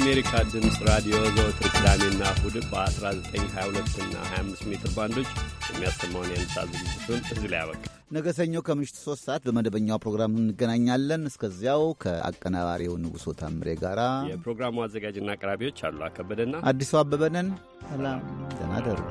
የአሜሪካ ድምፅ ራዲዮ ዘወትር ቅዳሜና እሁድ በ1922 እና 25 ሜትር ባንዶች የሚያሰማውን የንሳ ዝግጅቱን እዚህ ላይ ያበቃ። ነገ ሰኞ ከምሽቱ ሶስት ሰዓት በመደበኛው ፕሮግራም እንገናኛለን። እስከዚያው ከአቀናባሪው ንጉሶ ታምሬ ጋራ የፕሮግራሙ አዘጋጅና አቅራቢዎች አሉ አከበደና አዲሱ አበበነን ሰላም ደህና ደሩ።